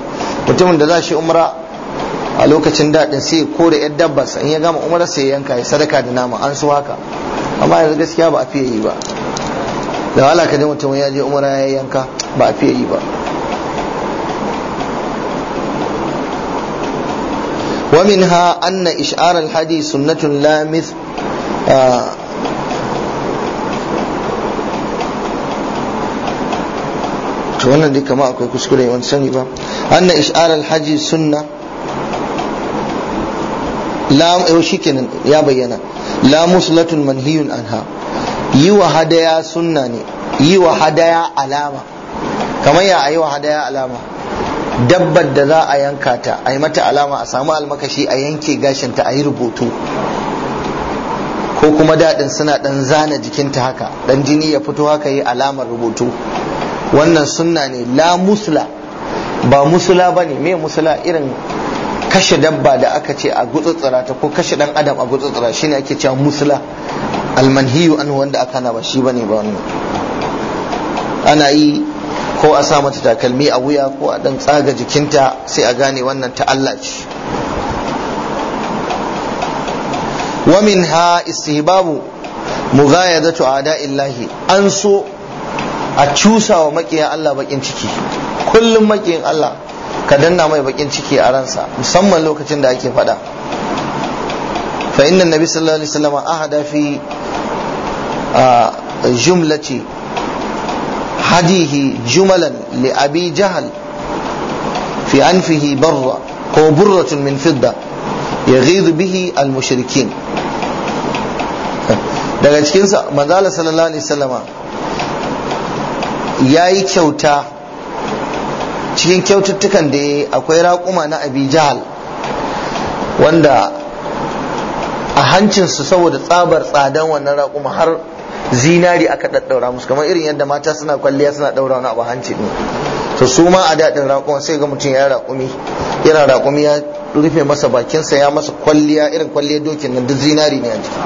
mutumin da za shi umra a lokacin daɗin sai kore yar dabba in ya gama umra sai yanka ya sadaka da nama an so haka amma yanzu gaskiya ba a fiye yi ba da wala ka mutum ya je umra ya yanka ba a fiye yi ba ومنها أن إشعار الحدي سنة لا مثل آه wannan dai kama akwai kuskure wani sani ba anna ish'ar alhaji sunna la yau shikenan ya bayyana la muslatun manhiyun anha yi wa hadaya sunna ne yi wa hadaya alama kamar ya ayi hadaya alama dabbar da za a yanka ta a yi mata alama a samu almakashi a yanke gashinta a yi rubutu ko kuma daɗin suna ɗan zana ta haka ɗan jini ya fito haka yi alamar rubutu wannan sunna ne la musula ba Musla ba ne me musula irin kashe dabba da aka ce a gutsutsura ta ko kashe ɗan adam a gutsutsura shine ake cewa Musla? almanhiyu an wanda aka na ba shi ba ne ba wannan ana yi ko a sa mata takalmi a wuya ko a dan tsaga jikinta sai a gane wannan ta Allah ce wa minha istihbabu mughayadatu illahi an so a cusa wa makiyan Allah bakin ciki kullum makiyin Allah ka danna mai bakin ciki a ransa musamman lokacin da ake fada fa inna nabi sallallahu alaihi wasallam ahada fi jumlati هديه جملا لأبي جهل في أنفه برة هو برة من فضة يغيظ به المشركين daga cikinsa manzala sallallahu alaihi wasallama ya yi kyauta cikin kyaututtukan da ya akwai raƙuma na abi jahal wanda a hancinsu saboda tsabar tsadan wannan raƙuma har zinari aka daddaura musu kamar irin yadda mata suna kwalliya suna daura wani abu hanci ne, to su ma a dadin raƙon sai ga mutum ya raƙumi yana raƙumi ya rufe masa bakinsa ya masa kwalliya irin kwalliyar dokin nan duk zinari ne a ciki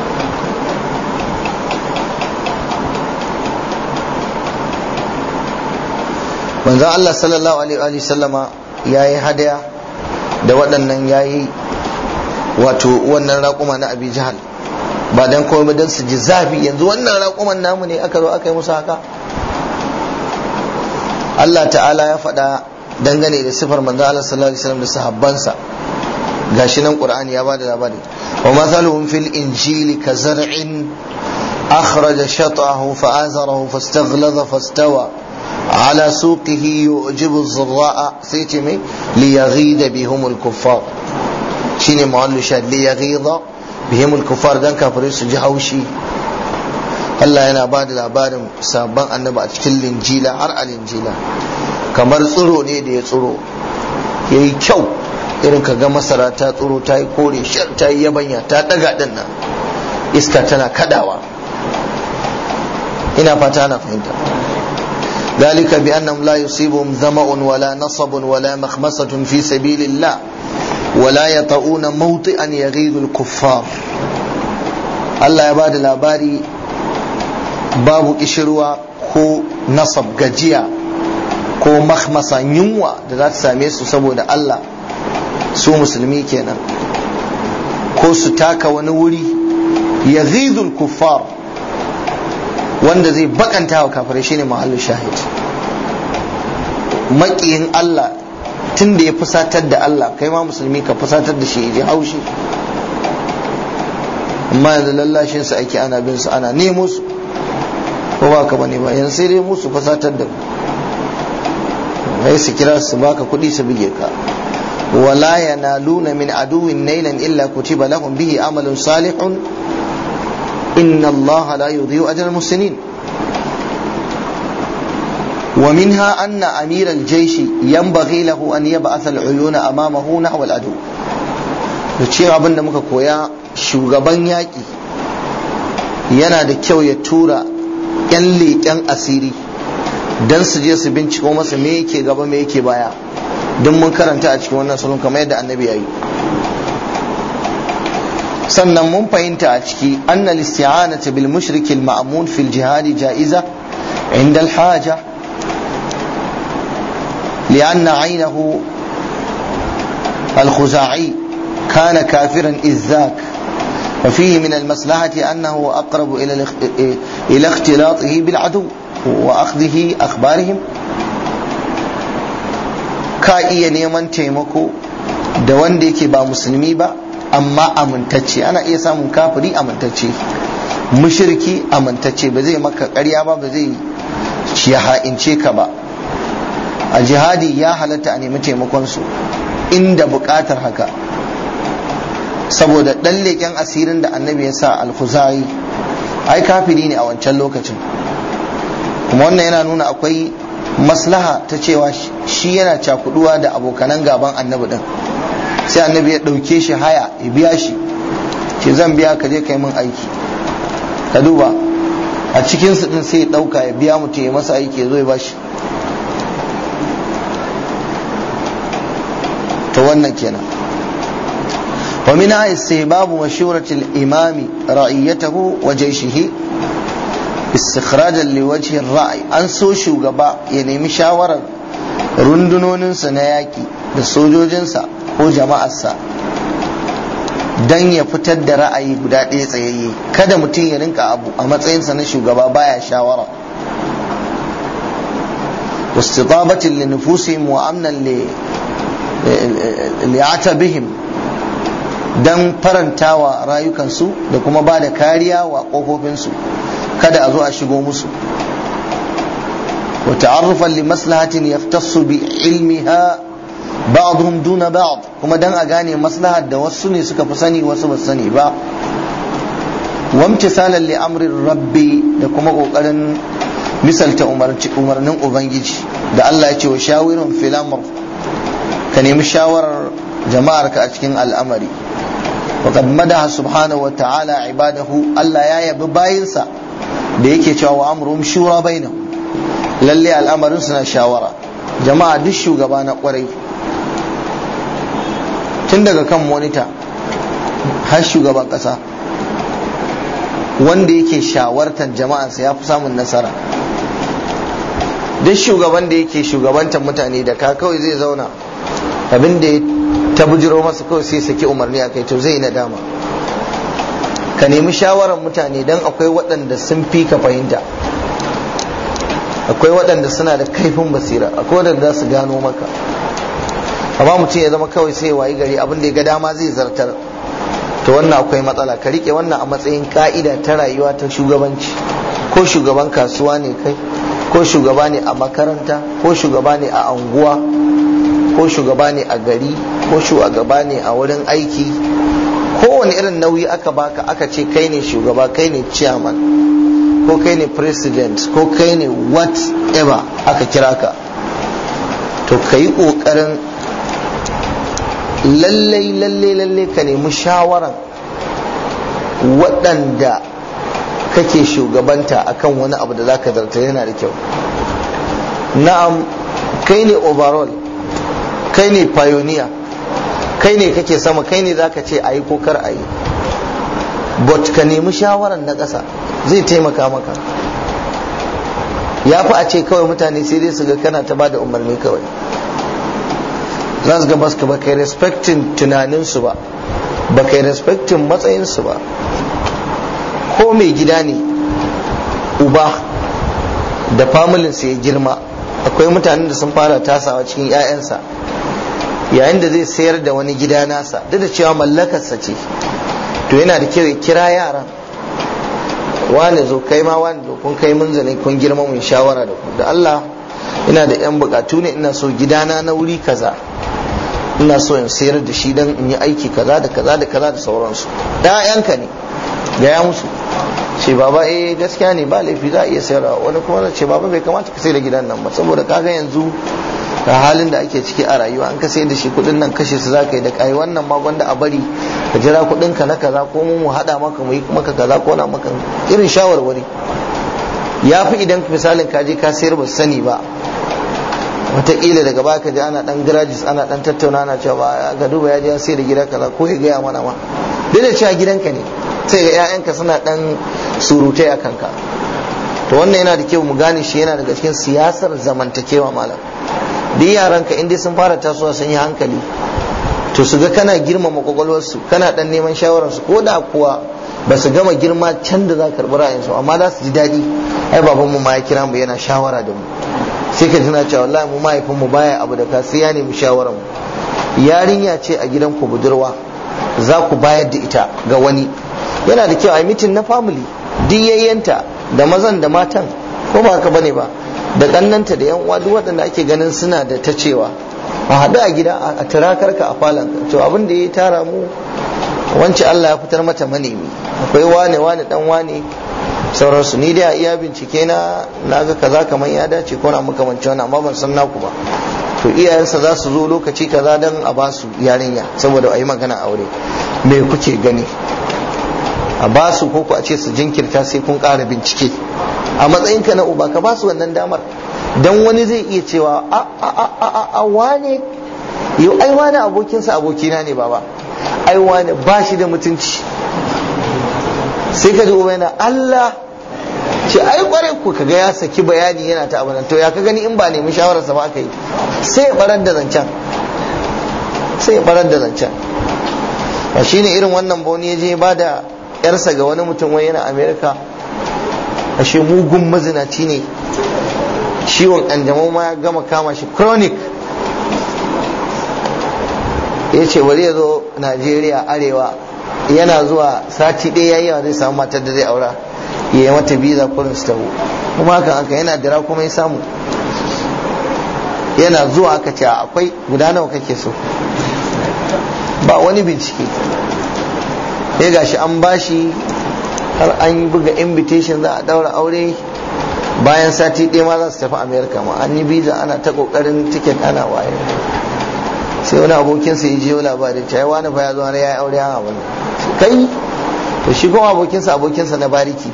manzo Allah sallallahu alaihi sallama ya hadaya da waɗannan yayi wato wannan raƙuma na abi jihal ba dan komai dan su ji zafi yanzu wannan raƙuman namu ne aka zo aka yi musu haka Allah ta'ala ya faɗa dangane da sifar manzo Allah sallallahu alaihi wasallam da sahabbansa gashi nan Qur'ani ya bada labari wa mathaluhum fil injili ka zar'in أخرج شطعه فآزره فاستغلظ فاستوى على سوقه يعجب الزراء سيتمي ليغيد بهم الكفار شيني معلو ليغيظ bihimul kufar dan kafirai su ji haushi Allah yana ba da labarin sabon annaba a cikin linjila har a linjila kamar tsiro ne da ya tsiro ya yi kyau irin ka ga masara ta tsuro ta yi kore shar ta yi yabanya ta daga din nan iska tana kadawa ina fata na fahimta ذلك بأنهم لا يصيبهم ظمأ ولا نصب ولا مخمصة في سبيل الله wala ya ta'una mawti'an yaghidul kuffar Allah ya ba da labari babu kishirwa ko nasab gajiya ko makhmasa yunwa da za ta same su saboda Allah su musulmi kenan ko su taka wani wuri ya kuffar wanda zai bakanta wa kafirai shine mahallu shahid maƙiyin Allah tun da ya fusatar da Allah kai ma musulmi ka fusatar da shi ya ji haushi amma yanzu lallashin su ake ana bin su ana ne musu ko ba ka bane ba yanzu sai dai musu fusatar da mai su kira su baka kuɗi su buge ka wala yanaluna min aduwin nailan illa kutiba lahum bihi amalun salihun inna Allah la yudhi'u ajral muhsinin Wa ومنها أن أمير الجيش ينبغي له أن يبعث العيون أمامه نحو العدو da abin da muka koya shugaban yaƙi yana da kyau ya tura 'yan leƙen asiri don su je su binciko masa me yake gaba me yake baya don mun karanta a cikin wannan salon kamar yadda annabi ya sannan mun fahimta a ciki annal isti'anata bil mushrikil ma'mun fil jihadi ja'iza inda al-haja لأن عينه الخزاعي كان كافرا إذ ذاك وفيه من المصلحة أنه أقرب إلى إلى اختلاطه بالعدو وأخذه أخبارهم ka iya neman taimako da wanda yake ba musulmi ba amma amintacce ana iya samun kafiri amintacce mushriki amintacce ba zai maka karya ba ba zai ya ha'ince ka ba a jihadi ya halatta a nemi taimakon su inda bukatar haka saboda ɗan leƙen asirin da annabi ya sa alkhuzari ai kafiri ne a wancan lokacin kuma wannan yana nuna akwai maslaha ta cewa shi yana cakuduwa da abokanan gaban annabi din sai annabi ya ɗauke shi haya ya biya shi ke zan biya ka je kai mun aiki ka duba a cikinsu din sai ya ɗauka ya biya mutum ya masa aiki ya zo ya bashi wannan kenan wa min babu mashuratil imami ra'iyatahu wa jayshihi istikhrajan li wajhi ra'ayi an so shugaba ya nemi shawarar rundunoninsa na yaki da sojojinsa ko jama'arsa dan ya fitar da ra'ayi guda ɗaya tsayayye kada mutum ya rinka abu a matsayinsa na shugaba baya shawara واستطابة لنفوسهم وأمنا li'ata bihim dan farantawa rayukansu da kuma ba da kariya wa ƙofofinsu kada a zo a shigo musu wa ta'arrufan li maslahatin yaftassu bi ilmiha ba'dhum duna ba'd kuma dan a gane maslahar da wasu ne suka fi sani wasu ba sani ba wamtisalan li amri rabbi da kuma kokarin misalta umarnin ubangiji da Allah ya ce wa shawirun fil ka nemi shawarar jama'arka a cikin al'amari وقد مدح سبحانه وتعالى عباده Allah ya yabi bayinsa da yake cewa wa amruhum shura bainahum lalle al'amarin suna shawara jama'a duk shugaba na kwarai tun daga kan monita har shugaban kasa wanda yake shawartar jama'arsa ya fi samun nasara duk shugaban da yake shugabantar mutane da ka kawai zai zauna abin da ta bujiro masa kawai sai saki umarni a kai to zai nadama ka nemi shawarar mutane don akwai waɗanda sun fi ka fahimta akwai waɗanda suna da kaifin basira akwai waɗanda su gano maka amma mutum ya zama kawai sai wayi gari abin da ya ga dama zai zartar to wannan akwai matsala ka rike wannan a matsayin ka'ida ta rayuwa ta shugabanci ko shugaban kasuwa ne kai ko shugaba ne a makaranta ko shugaba ne a anguwa ko shugaba ne a gari ko shugaba ne a wurin aiki kowane irin nauyi aka baka aka ce kai ne shugaba kai ne chairman ko kai ne president ko kai ne whatever aka kira ka to ka yi ƙoƙarin lallai lallai lallai ka nemi shawaran waɗanda kake shugabanta akan wani abu da za ka zarta yana da kyau na'am kai ne overall kai ne pioneer kai ne kake sama kai ne za ka ce ayi kokar a yi but ka nemi shawarar na kasa zai taimaka maka ya fi a ce kawai mutane sai dai su ga kana ta bada umarni kawai za su ga ba ka ba kai respectin tunaninsu ba ba kai respectin matsayinsu ba ko mai gida ne uba da familinsa ya girma akwai mutanen da sun fara tasawa cikin 'ya'yansa yayin da zai sayar da wani gida nasa duk da cewa mallakarsa ce to yana da kyau ya kira yaran wani zo kai ma wani zo kun kai munzalin kun girma mun shawara da ku da Allah ina da yan bukatu ne ina so gidana na wuri kaza ina so in sayar da shi dan in yi aiki kaza da kaza da kaza da sauransu ɗayanka ne gaya musu ce baba eh gaskiya ne ba laifi za a iya sayarwa wani kuma ce baba bai kamata ka sai da gidan nan ba saboda kaga yanzu da halin da ake ciki a rayuwa an ka sayar da shi kudin nan kashe su zaka yi da kai wannan ma gwanda a bari ka jira kudin ka na kaza ko mu hada maka mu yi maka kaza ko na maka irin shawarwari ya fi idan misalin ka je ka sayar ba sani ba wataƙila daga baka je ana dan garajis ana dan tattauna ana cewa ga duba ya je ya sayar da gida kaza ko ya gaya mana ma duk da cewa gidanka ne sai ga 'ya'yanka suna dan surutai a kanka to wannan yana da kyau mu gane shi yana daga cikin siyasar zamantakewa malam duk yaranka in dai sun fara tasowa sun yi hankali to su ga kana girmama kwakwalwarsu kana dan neman shawararsu ko da kuwa ba su gama girma can da za karɓi ra'ayinsu amma za su ji daɗi ai babanmu ma ya kira mu yana shawara da mu sai ka tuna cewa wallahi mu mahaifinmu baya abu da ka sai ya nemi shawaran yarinya ce a gidan ku budurwa za ku bayar da ita ga wani yana da kyau a mitin na family duk yayyanta da mazan da matan ko ba haka bane ba da kannanta da yan uwa duk waɗanda ake ganin suna da ta cewa a haɗu a gida a turakarka a falon to abin da ya tara mu wancan Allah ya fitar mata manemi akwai wane wane dan wane sauransu ni dai a iya bincike na ga kaza kamar ya dace ko na muka makamanci wani amma ban san naku ba to iyayensa za su zo lokaci kaza dan a ba su yarinya saboda ayi magana aure me kuke gani a ba su ko a ce su jinkirta sai kun ƙara bincike a matsayin ka na uba ka ba su wannan damar dan wani zai iya cewa a a a a wane yau ai wane abokinsa abokina ne baba ai wane ba shi da mutunci sai ka ji uba yana Allah ce ai kware ku kaga ya saki bayani yana ta abunan to ya ka gani in ba nemi shawararsa ba aka yi sai ya barar da zancen sai barar da zancen ba shine irin wannan ba ya je ba da yarsa ga wani mutum wani yana america ashe mugun mazinaci ne ciwon kanjamau ma ya gama kama shi chronic ya ce wani ya zo najeriya arewa yana zuwa sati ɗaya ya yi yawa zai samu matar da zai aura ya yi mata biza kurin su taho kuma haka haka yana dira kuma ya samu yana zuwa aka ce akwai guda nawa kake so ba wani bincike ga eh, gashi an bashi har an buga invitation za a daura aure bayan sati ɗaya ma za su tafi amerika ma an yi biza ana ta kokarin tiket ana waye sai wani abokin sa ya je labarin ta wani fa ya ya yi aure ana wani kai to shi kuma abokin sa abokin sa na bariki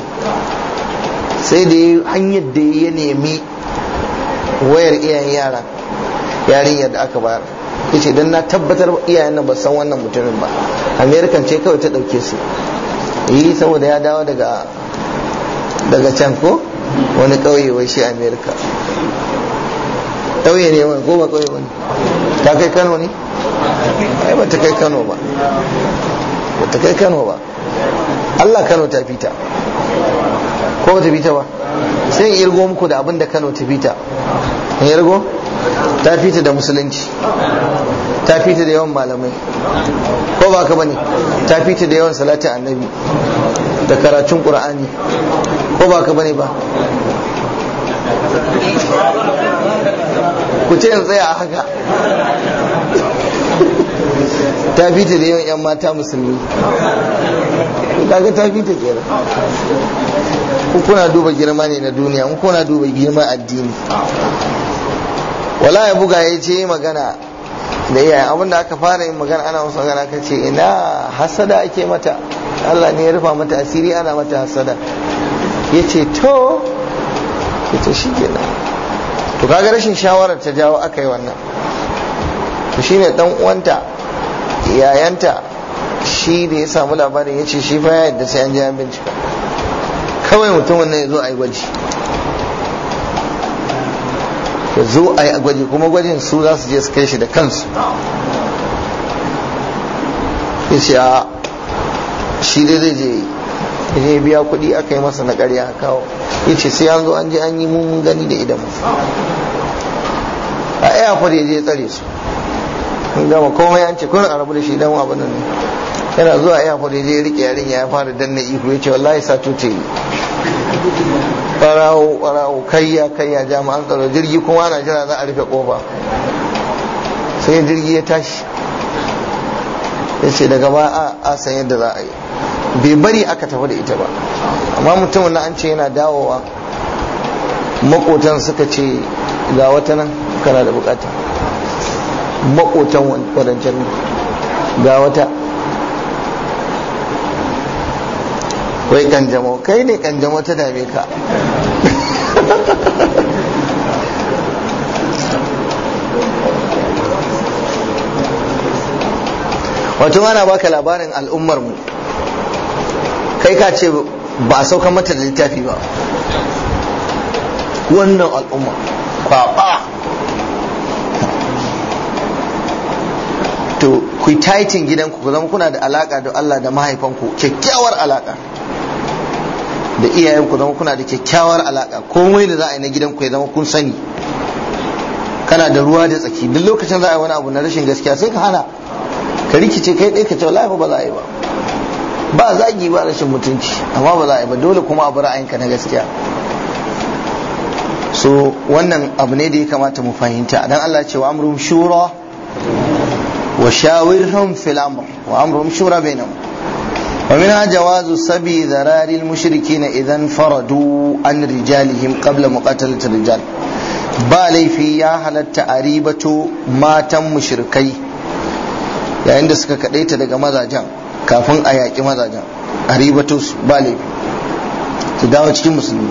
sai da hanyar da ya nemi wayar iyayen yaran yarinyar da aka bayar yace dan na tabbatar iyayen nan ba san wannan mutumin ba american ce kawai ta dauke su yi eh, saboda ya dawo daga daga can ko wani kauye wai shi america kauye ne wani ko ba kauye wani ta kai kano ne ai ba ta kai kano ba ba ta kai kano ba allah kano ta fita ko ba ta fita ba sai in irgo muku da abin da kano ta fita in irgo ta fita da musulunci ta fita da yawan malamai ko ba ka bane ta fita da yawan salatin annabi da karatun qur'ani ko ba ka bane ba ku ce in tsaya a haka ta fita da yawan 'yan mata musulmi kaga ta fita kenan ku kuna duba girma ne na duniya kuna duba girma addini wala ya buga ya je magana da iyayen abinda aka fara yin magana ana wasu magana ka ce ina hasada ake mata Allah ne ya rufa mata asiri ana mata hasada ya ce to ya ce shi to kaga rashin shawarar ta jawo aka yi wannan to shine dan uwanta yayanta shi da ya samu labarin ya ce shi fa ya yadda sai an ji an bincika kawai mutumin ne ya zo a yi gwaji ya zo a yi gwaji kuma gwajin su za su je su kai shi da kansu yace a shi da zai je ya biya kuɗi aka yi masa na ƙarya a kawo yace sai an zo an je an yi mun gani da idan a airport ya je tsare su in gama komai an ce kun arabu da shi dan abin nan yana zuwa airport ya je rike yarin ya fara danna ya ce wallahi sa tutu barawo barawo kayya kayya jami'an tsaro jirgi kuma ana jira za a rufe kofa sai jirgi ya tashi ya ce daga ba a san yadda za a yi bai bari aka tafi da ita ba amma mutumin na an ce yana dawowa makotan suka ce ga wata nan kana da bukata makotan wadancan ga wata wai kanjamo kai ne kanjamo ta dame ka wato ana baka labarin al'ummar mu kai ka ce ba a sauka mata da littafi ba wannan al'umma kwaba to ku taitin gidanku ku zama kuna da alaka da Allah da mahaifanku kyakkyawar alaka da iyayen ku zama kuna da kyakkyawar alaka komai da za a yi na gidan ku ya zama kun sani kana da ruwa da tsaki duk lokacin za a yi wani abu na rashin gaskiya sai ka hana ka rikice kai ɗaya ka ce wallahi ba za a yi ba ba zagi ba rashin mutunci amma ba za a yi ba dole kuma a bar ra'ayinka na gaskiya so wannan abu ne da ya kamata mu fahimta dan Allah ce wa amrum shura wa shawirhum fil amr wa amrum shura bainahum ومنها جواز سبي ذرار المشركين إذا انفردوا عن رجالهم قبل مقاتلة الرجال بالي في يا هل التعريبة ما تم مشركي yayin da suka kadaita daga mazajen kafin a yaƙi mazajen aribatus bale su dawo cikin musulmi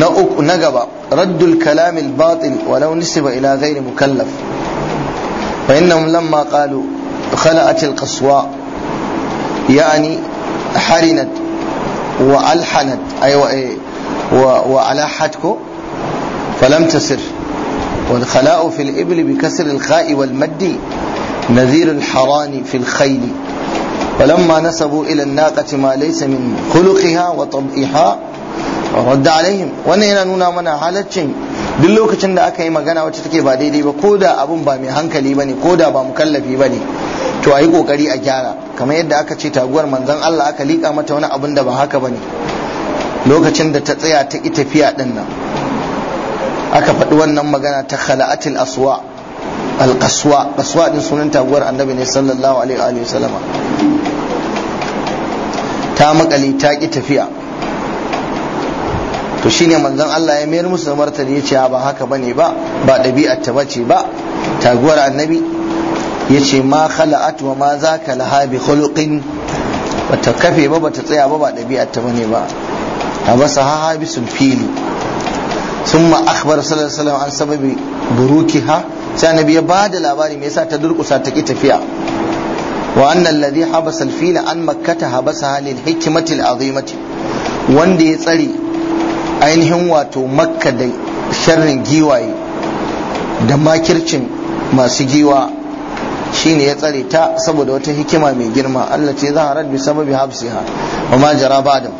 na uku na gaba raddul kalamil batil walau nisiba ila ghairi mukallaf fa innahum lamma qalu khala'at al يعني حرنت وألحنت أيوة إيه فلم تسر والخلاء في الإبل بكسر الخاء والمد نذير الحران في الخيل فلما نسبوا إلى الناقة ما ليس من خلقها وطبعها رد عليهم وانا نونا منا حالتين duk lokacin da aka yi magana wacce take ba daidai ba ko da abun ba mai hankali ba ne ko da ba mukallafi ba ne to a yi kokari a gyara kamar yadda aka ce taguwar manzon Allah aka liƙa mata wani abun da ba haka ba ne lokacin da ta tsaya ta ƙi tafiya ɗin nan aka faɗi wannan magana ta khala'atil aswa al-qaswa qaswa ɗin sunan taguwar annabi ne sallallahu alaihi wa sallama ta makale ta ƙi tafiya to shine manzon Allah ya mayar musu martani yace ba haka bane ba ba dabi'a ta bace ba taguwar annabi yace ma khala'at wa ma zaka laha bi khuluqin bata kafe ba bata tsaya ba ba dabi'a ta bane ba basa ha bi sulfili fili. اخبر Akhbar الله عليه وسلم عن سبب بروكها sai annabi ya ba da labari me yasa ta durkusa ta ki tafiya wa annal ladhi habasa al-fila an makkata habasa halil hikmatil azimati wanda ya tsare ainihin wato makka da sharrin giwaye da makircin masu giwa shine ya tsare ta saboda wata hikima mai girma Allah ce zaharar bi sababi habsiha wa ma jara ba'da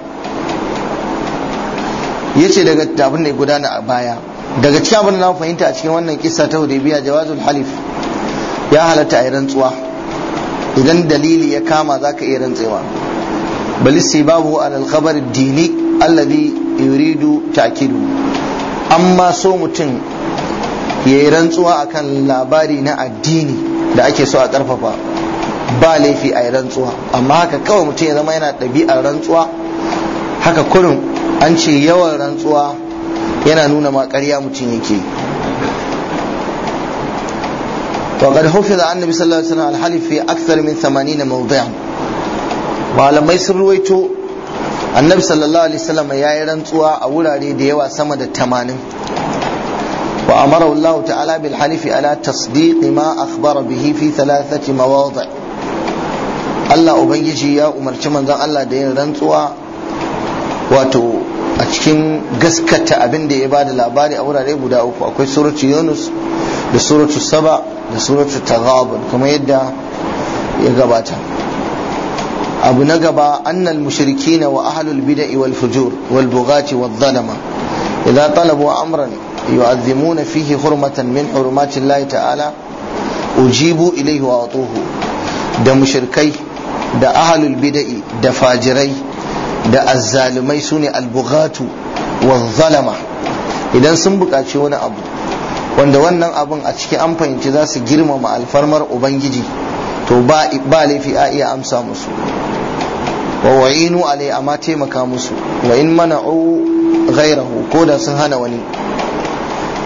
yace daga abin da ya gudana a baya daga cikin abin da na fahimta a cikin wannan kisa ta hudaybiya jawazul halif ya halatta a yi rantsuwa idan dalili ya kama zaka iya rantsewa balisai babu alal al-khabar dini alladhi yuridu takidu amma so mutum ya yi rantsuwa akan labari na addini da ake so a karfafa ba laifi a yi rantsuwa amma haka kawai mutum ya zama yana ɗabi'ar rantsuwa haka kurin an ce yawan rantsuwa yana nuna ma karya mutum yake وقد حفظ عن النبي صلى الله عليه وسلم الحلف في أكثر من ثمانين موضعا malamai sun ruwaito annabi sallallahu alaihi wasallam ya yi rantsuwa a wurare da yawa sama da tamanin wa amara Allah ta'ala bil halifi ala tasdiqi ma akhbara bihi fi thalathati mawadi' Allah ubangiji ya umarci manzon Allah da yin rantsuwa wato a cikin gaskata abin da ya bada labari a wurare guda uku akwai suratu Yunus da suratu Saba da suratu Taghabun kuma yadda ya gabata abu na gaba annal mushrikina wa ahlul bida'i wal fujur wal bughati wal zalama idan talabu amran yu'azzimuna fihi hurmatan min hurmatin Allah ta'ala ujibu ilayhi wa atuhu da mushrikai da ahlul bida'i da fajirai da azzalumai sune al bughatu wal zalama idan sun buƙaci wani abu wanda wannan abun a ciki an fahimci za su girmama alfarmar ubangiji to ba laifi a iya amsa musu wa wa'inu alai amma taimaka musu wa in mana'u ghairahu ko da sun hana wani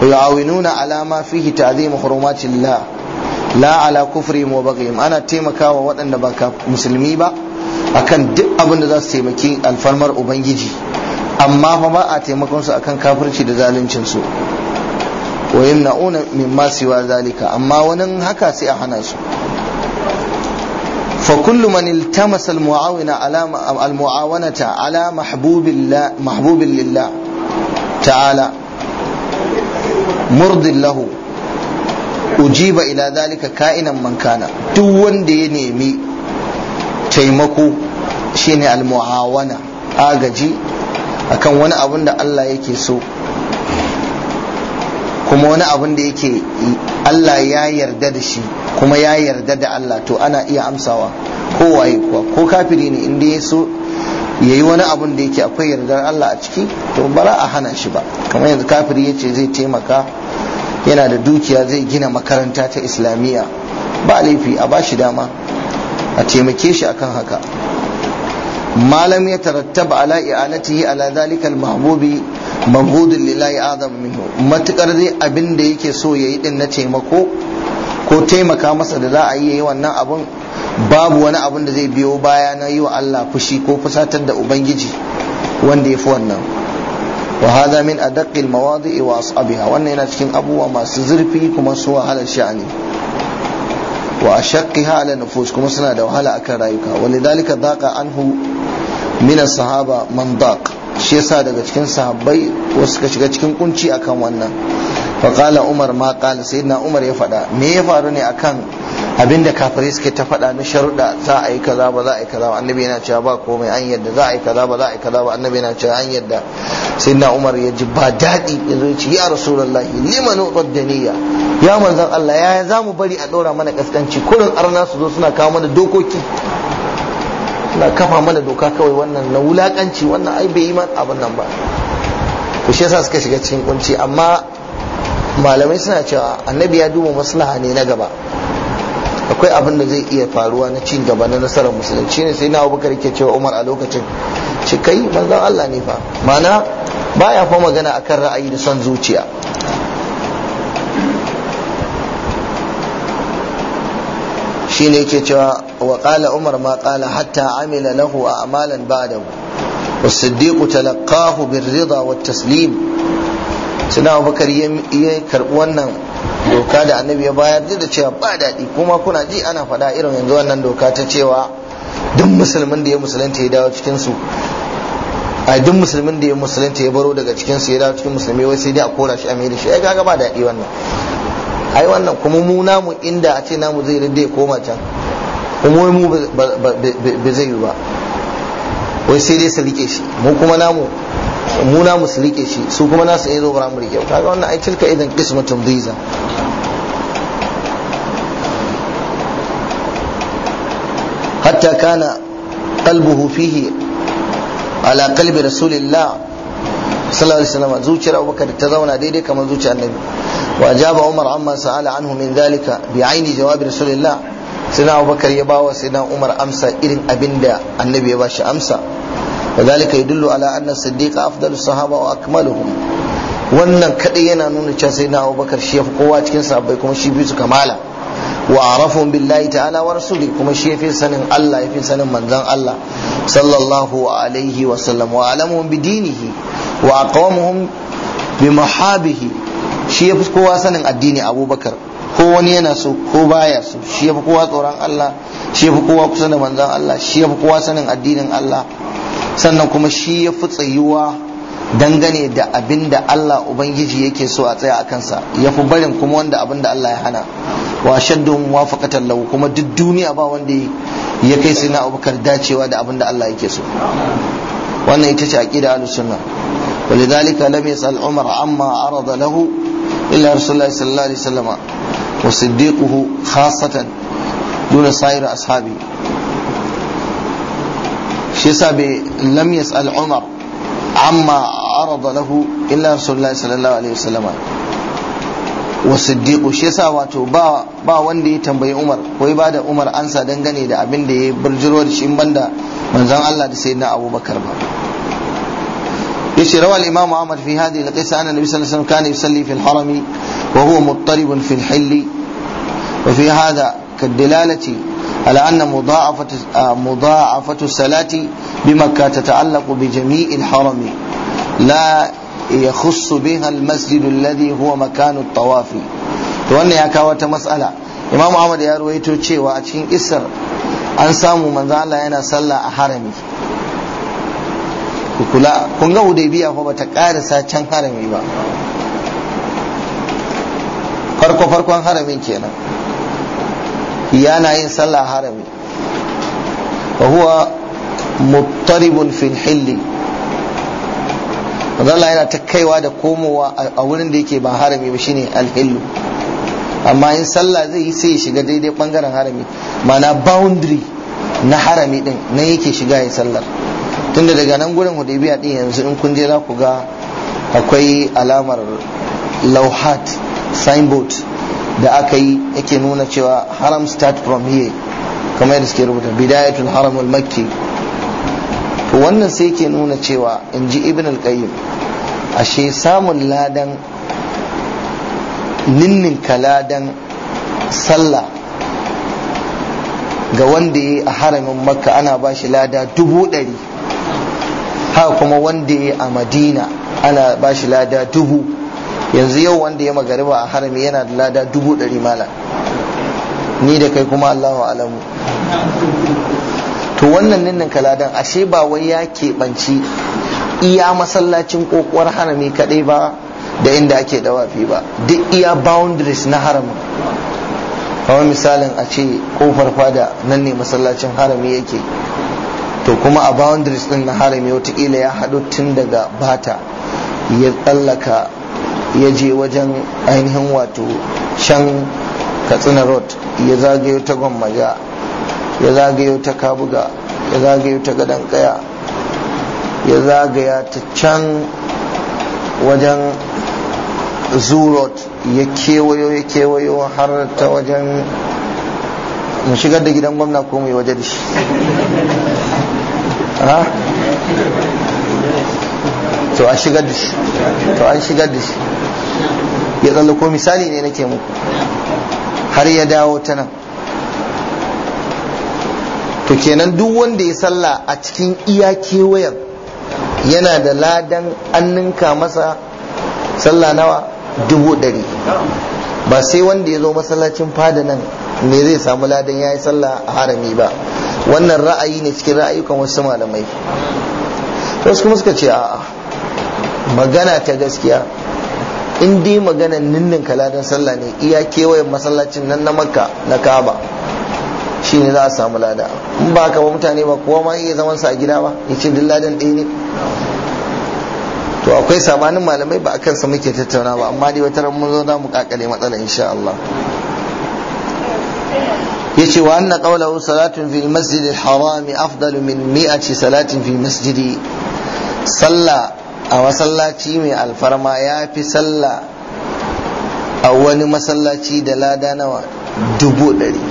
yu'awinuna ala ma fihi ta'zim hurumatillah la ala kufrihim wa baghihim ana taimakawa waɗanda ba musulmi ba akan duk abin da za su taimaki alfarmar ubangiji amma fa ba a taimakon su akan kafirci da zaluncin su wa yamna'una mimma siwa zalika amma wani haka sai a hana su fa kullu man iltamasa almuawina ala almuawanata ala mahbubillahi mahbubillillah ta'ala murdillahu ujiba ila dalika kainan man kana duk wanda ya nemi taimako shine almuawana agaji akan wani abin da Allah yake so kuma wani abin da yake Allah ya yarda da shi kuma ya yarda da Allah to ana iya amsawa ko waye kuwa ko kafiri ne inda ya so ya yi wani abin da yake akwai yardar Allah a ciki to bara a hana shi ba kamar yanzu kafiri ya ce zai taimaka yana da dukiya zai gina makaranta ta islamiyya ba laifi a ba shi dama a taimake shi akan haka ما لم يترتب ala إعانته على ذلك المحبوب مبغوض لله أعظم منه ما تقرر أبن دي كسو din na taimako ko taimaka masa da za a yi wannan abun babu wani abun da zai biyo baya na yi wa Allah fushi ko fusatar da ubangiji wanda ya fi wannan wa a min adaqqil mawadi'i wa ashabiha wannan yana cikin abubuwa masu zurfi kuma su wahala sha'ani wa ashaqqiha ala nufus kuma suna da wahala akan rayuka walidhalika dhaqa anhu Mina sahaba man daq shi yasa daga cikin sahabbai wasu suka shiga cikin kunci akan wannan fa qala umar ma qala sayyidina umar ya faɗa me ya faru ne akan abinda kafirai suke ta fada na sharuda? za a yi kaza ba za a yi kaza ba annabi yana cewa ba komai an yadda za a yi kaza ba za a yi kaza ba annabi yana cewa an yadda sayyidina umar ya ji ba daɗi ya zo ce ya rasulullahi lima nuqad daniya ya manzon Allah ya za mu bari a ɗaura mana kaskanci kullun arna su zo suna kawo mana dokoki na kafa mana doka kawai wannan na wulakanci wannan ai bai yi iman abin nan ba to shi yasa suka shiga cikin kunci amma malamai suna cewa annabi ya duba maslaha ne na gaba akwai abin da zai iya faruwa na cin gaba na nasarar musulunci ne sai na bakar ke cewa umar a lokacin ce kai manzon allah ne fa mana baya fa magana akan ra'ayi da son zuciya shine yake cewa وقال عمر ما قال حتى عمل له أعمالا بعده والصديق تلقاه بالرضا والتسليم سنا أبو بكر wannan doka da annabi ya bayar duk da cewa ba daɗi kuma kuna ji ana faɗa irin yanzu wannan doka ta cewa duk musulmin da ya musulunta ya dawo cikin su a duk musulmin da ya musulunta ya baro daga cikin su ya dawo cikin musulmi wai sai dai a kora shi a mai da shi ai kaga ba daɗi wannan ai wannan kuma mu namu inda a ce namu zai rinde ya koma can kuma mu ba zai yi ba wai sai dai su rike shi mu kuma namu mu namu su rike shi su kuma nasu iya zo ba mu rike kaga wannan ai tilka idan qismatun dhiza hatta kana qalbuhu fihi ala qalbi rasulillah sallallahu alaihi wasallam zuciyar Abubakar ta zauna daidai kamar zuciyar Annabi wa jaba Umar amma sa'ala anhu min dhalika bi aini jawabi rasulillah sina abubakar ya bawa sina umar amsa irin abin da annabi ya ba shi amsa wa zalika yadullu ala anna siddiqa afdalus sahaba wa akmaluhum wannan kadai yana nuna cewa na abubakar shi ya fi kowa cikin sahabbai kuma shi su kamala wa arafun billahi ta'ala wa rasuli kuma shi yafi sanin Allah yafi sanin manzon Allah sallallahu alaihi wa sallam wa alamuhum bi dinihi wa aqwamuhum bi mahabihi shi yafi kowa sanin addini abubakar ko wani yana so ko baya so shi yafi kowa tsoron Allah shi yafi kowa kusa da manzon Allah shi yafi kowa sanin addinin Allah sannan kuma shi yafi tsayuwa dangane da abinda da Allah Ubangiji yake so a tsaya a kansa yafi barin kuma wanda abin Allah ya hana wa shaddu muwafaqatan lahu kuma duk duniya ba wanda ya kai sai na abukar dacewa da abinda da Allah yake so wannan ita ce aqida al sunna ولذلك lam yas'al umar amma arada lahu illa rasulullahi sallallahu alaihi wasallam وصديقه خاصة دون سائر أصحابه شيسا لم يسأل عمر عما عرض له إلا رسول الله صلى الله عليه وسلم wasiddiqu shi yasa wato ba wanda ya tambayi Umar wai ba da Umar ansa dangane da abinda da ya burjiro da shi banda manzon Allah da na Abubakar ba يشي روى الإمام عمر في هذه القصة أن النبي صلى الله عليه وسلم كان يصلي في الحرم وهو مضطرب في الحل وفي هذا كالدلالة على أن مضاعفة آه، مضاعفة الصلاة بمكة تتعلق بجميع الحرم لا يخص بها المسجد الذي هو مكان الطواف وأن يا كاوة مسألة إمام عمر يا رويتو تشيوا إسر أن سامو من ذا الله ينا صلى حرمي ku kula kun ga hudaybiya fa bata karasa can harami ba farko farkon haramin kenan yana yin sallah harami wa huwa muttaribun fil hilli Allah yana ta kaiwa da komowa a wurin da yake ba harami ba shine alhillu amma in sallah zai yi sai ya shiga daidai bangaren harami mana boundary na harami din nan yake shiga ya sallar tunda daga nan gurin hudaybiya din yanzu in kun je za ku ga akwai alamar lauhat signboard da aka yi yake nuna cewa haram start from here kamar yadda suke rubuta bidayatul haram makki wannan sai yake nuna cewa in ji ibn al ashe samun ladan ninninka ladan sallah ga wanda ya yi a haramin makka ana bashi shi lada dubu ɗari haka kuma wanda ya a madina ana ba shi lada dubu yanzu yau wanda ya magariba a harami yana da lada dubu ɗari mala ni da kai kuma allahu alamu to wannan ninnin kaladan ashe ba wai ya keɓanci iya masallacin kokowar harami kaɗai ba da inda ake dawafi ba duk iya boundaries na haramin kamar misalin a ce kofar fada nan ne masallacin harami yake to kuma a boundaries din na harami watakila ya haɗu tun daga bata ya tsallaka ya je wajen ainihin wato shan katsina road ya zagayo ta gwammaja ya zagayo ta kabuga ya zagayo ta gadon kaya ya zagaya ta can wajen zoo road ya kewayo ya kewayo har ta wajen mu shigar da gidan gwamna ko mu yi waje da shi to an shigar da shi to an shigar da shi ya ko misali ne nake muku har ya dawo ta nan to kenan duk wanda ya salla a cikin iya kewayen yana da ladan an ninka masa salla nawa dubu ɗari ba sai wanda ya zo masallacin fada nan me zai samu ladan yi sallah a harami ba wannan ra'ayi ne cikin ra'ayukan wasu malamai to wasu kuma suka ce a'a magana ta gaskiya in dai maganan ninnin ladan sallah ne iya kewayen masallacin nan na makka na kaba shi ne za a samu lada in ba ka ba mutane ba kowa ma iya zaman sa a gida ba ya ce ladan ɗaya ne to akwai sabanin malamai ba a kansa muke tattauna ba amma dai wata ran zo za mu kakale matsala insha Allah yace wa anna qawlahu salatun fil afdalu min mi'ati salatin fil masjidi sallah a masallaci mai alfarma ya fi salla a wani masallaci da lada nawa dubu ɗari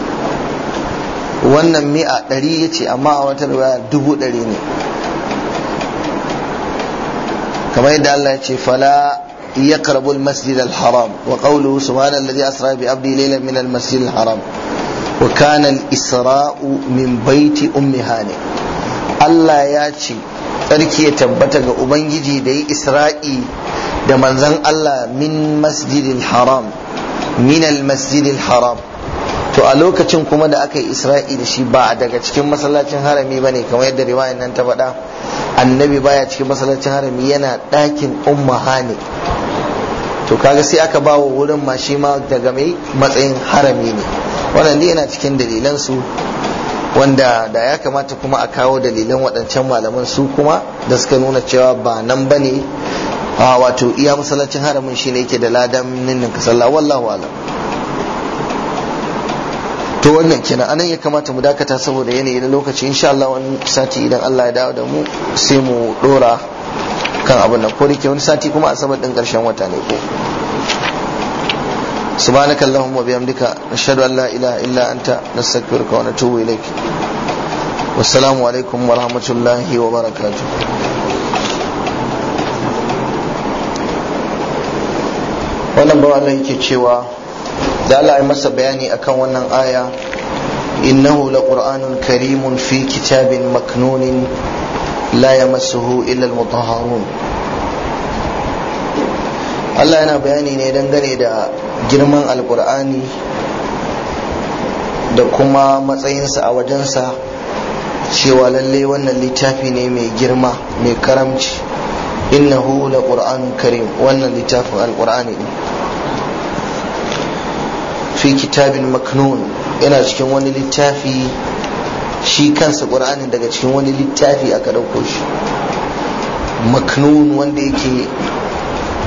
wannan mi'a ɗari ya ce amma a wata ruwa dubu ɗari ne kamar yadda Allah ya ce fala ya karbu masjid al-haram wa qawluhu subhanallazi asra bi abdi laylan min al-masjid al-haram wa israu min baiti ummi hani Allah ya ce tsarki ya tabbata ga ubangiji da yi isra'i da manzon Allah min masjidil haram min al-masjidil haram to a lokacin kuma da aka yi isra'i da shi ba daga cikin masallacin harami ba ne kamar yadda riwayan nan ta faɗa annabi baya cikin masallacin harami yana ɗakin umma ne to kaga sai aka ba wa wurin ma shi ma daga mai matsayin harami ne wannan dai yana cikin dalilan su wanda da ya kamata kuma a kawo dalilan waɗancan malaman su kuma da suka nuna cewa ba nan ba ne wato iya masallacin haramin shi ne yake da ladan ninnin ka sallah wallahu alam to wannan kenan anan ya kamata mu dakata saboda yanayi na lokaci insha Allah wani sati idan Allah ya dawo da mu sai mu dora kan abin nan ko da wani sati kuma asabar din karshen wata ne ko سبحانك اللهم وبحمدك نشهد أن لا إله إلا أنت نستغفرك ونتوب إليك والسلام عليكم ورحمة الله وبركاته wannan bawa Allah yake cewa da Allah ya masa bayani akan wannan aya innahu laqur'anun karimun fi kitabin maknunin la yamassuhu illa almutahharun Allah yana bayani ne dangane da girman alkur'ani da kuma matsayinsa a wajensa cewa lalle wannan littafi ne mai girma mai karamci innahu la qur'an karim wannan littafin alqur'ani ne fi kitabin maknun yana cikin wani littafi shi kansa qur'anin daga cikin wani littafi aka ɗauko shi maknun wanda yake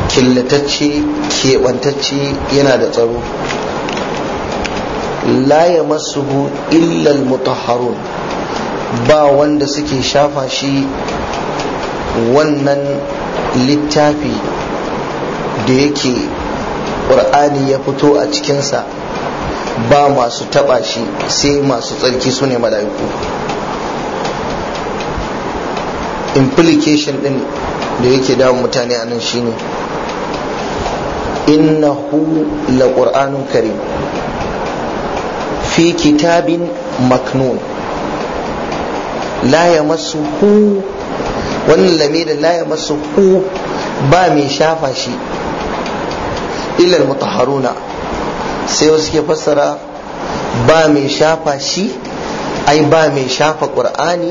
killatacce keɓantacce yana da tsaro la ya hu illal mutaharun ba wanda suke shafa shi wannan littafi da yake ƙur'ani ya fito a cikinsa ba masu taɓa shi sai masu tsarki su ne mala'iku implication ɗin da yake damun mutane a nan shine innahu laqur'anun karim fi kitabin maknun la yamassuhu wannan lamida la yamassuhu ba mai shafa shi ilal mutahharuna sai wasu ke fassara ba mai shafa shi ai ba mai shafa qur'ani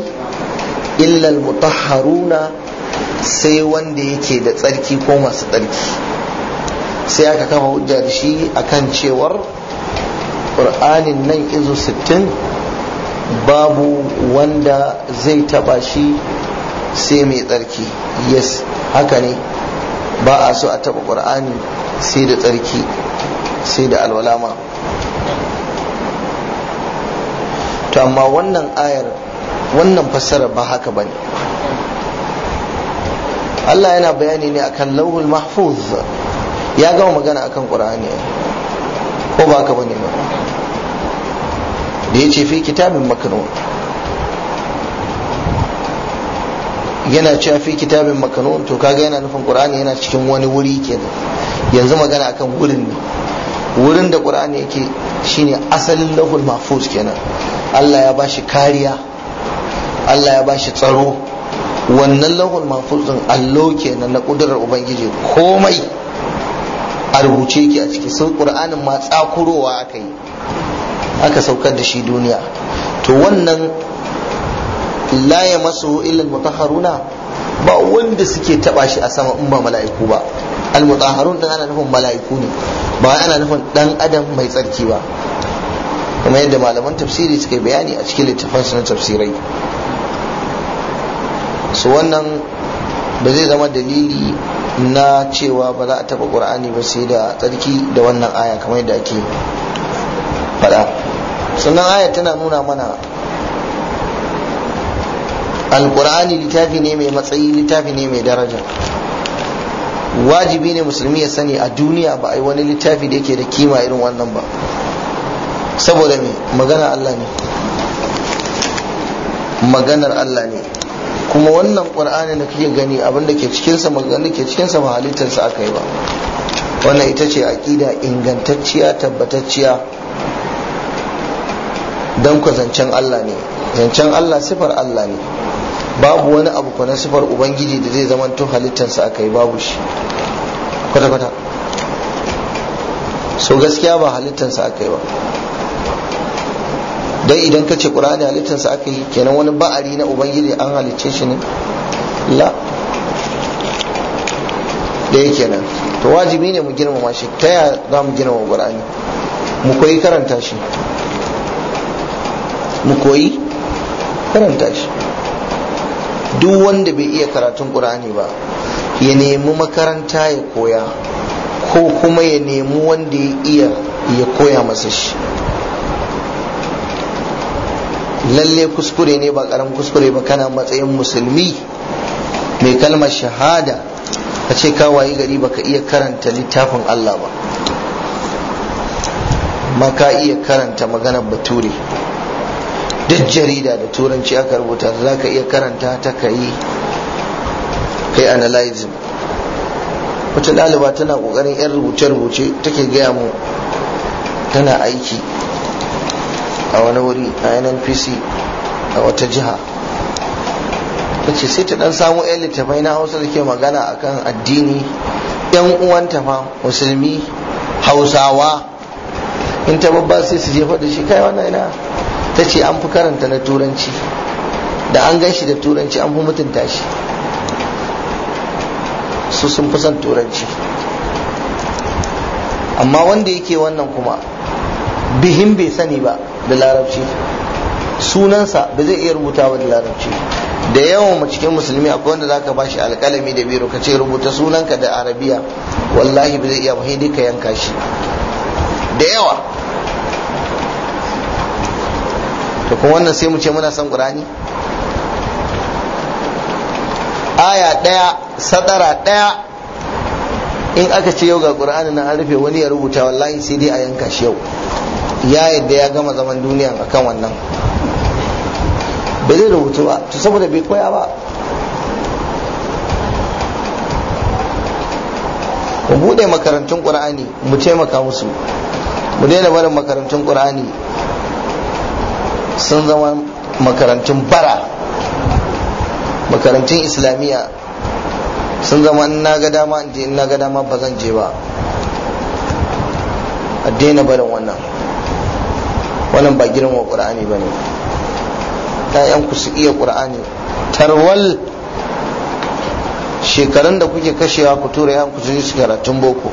illal mutahharuna sai wanda yake da tsarki ko masu tsarki sai aka kafa hujja da shi akan cewar ƙur'anin nan izu sittin babu wanda zai taba shi sai mai tsarki yes haka ne ba a so a taba ƙur'ani sai da tsarki sai da alwalama to amma wannan ayar wannan fassara ba haka bane Allah yana bayani ne akan lauhul mahfuz ya gama magana akan qur'ani ko ba ka bane ba da yace fi kitabin makano. yana cewa fi kitabin makano to kaga yana nufin qur'ani yana cikin wani wuri kenan yanzu magana akan wurin ne wurin da qur'ani yake shine asalin lahul mahfuz kenan Allah ya bashi kariya Allah ya bashi tsaro wannan lahul mahfuz din allo kenan na kudurar ubangiji komai a rubuce ki a ciki sun ƙur'anin ma tsakurowa aka yi aka saukar da shi duniya to wannan la ya masu illal mutaharuna ba wanda suke taba shi a sama in ba mala'iku ba al mutaharun dan ana nufin mala'iku ne ba ana nufin dan adam mai tsarki ba kuma yadda malaman tafsiri suka bayani a cikin littafan su na tafsirai su wannan ba zai zama dalili na cewa ba za a taɓa ƙur'ani ba sai da tsarki da wannan aya kamar yadda ake faɗa sannan aya tana nuna mana alqur'ani littafi ne mai matsayi littafi ne mai daraja wajibi ne musulmi ya sani a duniya ba a yi wani littafi da yake da kima irin wannan ba saboda me magana Allah ne maganar Allah ne kuma wannan qur'ani da kake gani abin da ke cikin sa maganganun ke cikin sa halittar sa aka yi ba wannan ita ce aqida ingantacciya tabbatacciya dan ku zancen Allah ne zancen Allah sifar Allah ne babu wani abu ku na sifar ubangiji da zai zama to halittar sa aka yi babu shi kwata kwata so gaskiya ba halittar sa aka yi ba dai idan ka ce qur'ani sa aka yi kenan wani ba'ari na ubangiji an halicce shi ne la da yake nan to wajibi ne mu girmama shi ta ya za mu girmama qur'ani mu koyi karanta shi mu koyi karanta shi duk wanda bai iya karatun qur'ani ba ya nemi makaranta ya koya ko kuma ya nemi wanda ya iya ya koya masa shi lalle kuskure ne ba karam kuskure ba kana matsayin musulmi mai kalmar shahada a ce kawaye gari ba ka iya karanta littafin Allah ba maka iya karanta maganar bature duk jarida da turanci aka rubuta za ka iya karanta ta ka kai analyzing wata ɗaliba tana ƙoƙarin 'yan rubuce-rubuce take gaya mu tana aiki a wani wuri a pc a wata jiha ta ce sai ta dan samu yan littafai na hausa da ke magana akan addini yan uwanta fa musulmi hausawa in ta babba sai su jefa da shi kai wannan ina ta ce an fi karanta na turanci da an gan shi da turanci an fi mutunta shi su sun fi son turanci amma wanda yake wannan kuma bihin bai sani ba da larabci sunansa ba zai iya rubuta ba da larabci da yawan mu cikin musulmi akwai wanda zaka bashi alƙalami da biro ka ce rubuta sunanka da arabiya wallahi ba zai iya ba dai ka yanka shi da yawa to kuma wannan sai mu ce muna son qur'ani aya ɗaya sadara ɗaya in aka ce yau ga qur'ani nan an rufe wani ya rubuta wallahi sai dai a yanka shi yau ya yadda ya gama zaman duniya akan wannan bai zai rubutu ba to saboda bai koya ba mu bude makarantun ƙura'ani mu taimaka musu mu daina barin makarantun ƙura'ani sun zama makarantun bara makarantun islamiyya sun zama in na ga dama in je in na ga dama ba zan je ba a daina barin wannan wannan ba girma qur'ani ba ne ku su iya qur'ani tarwal shekarun da kuke kashewa ku tura yan ku ji karatun boko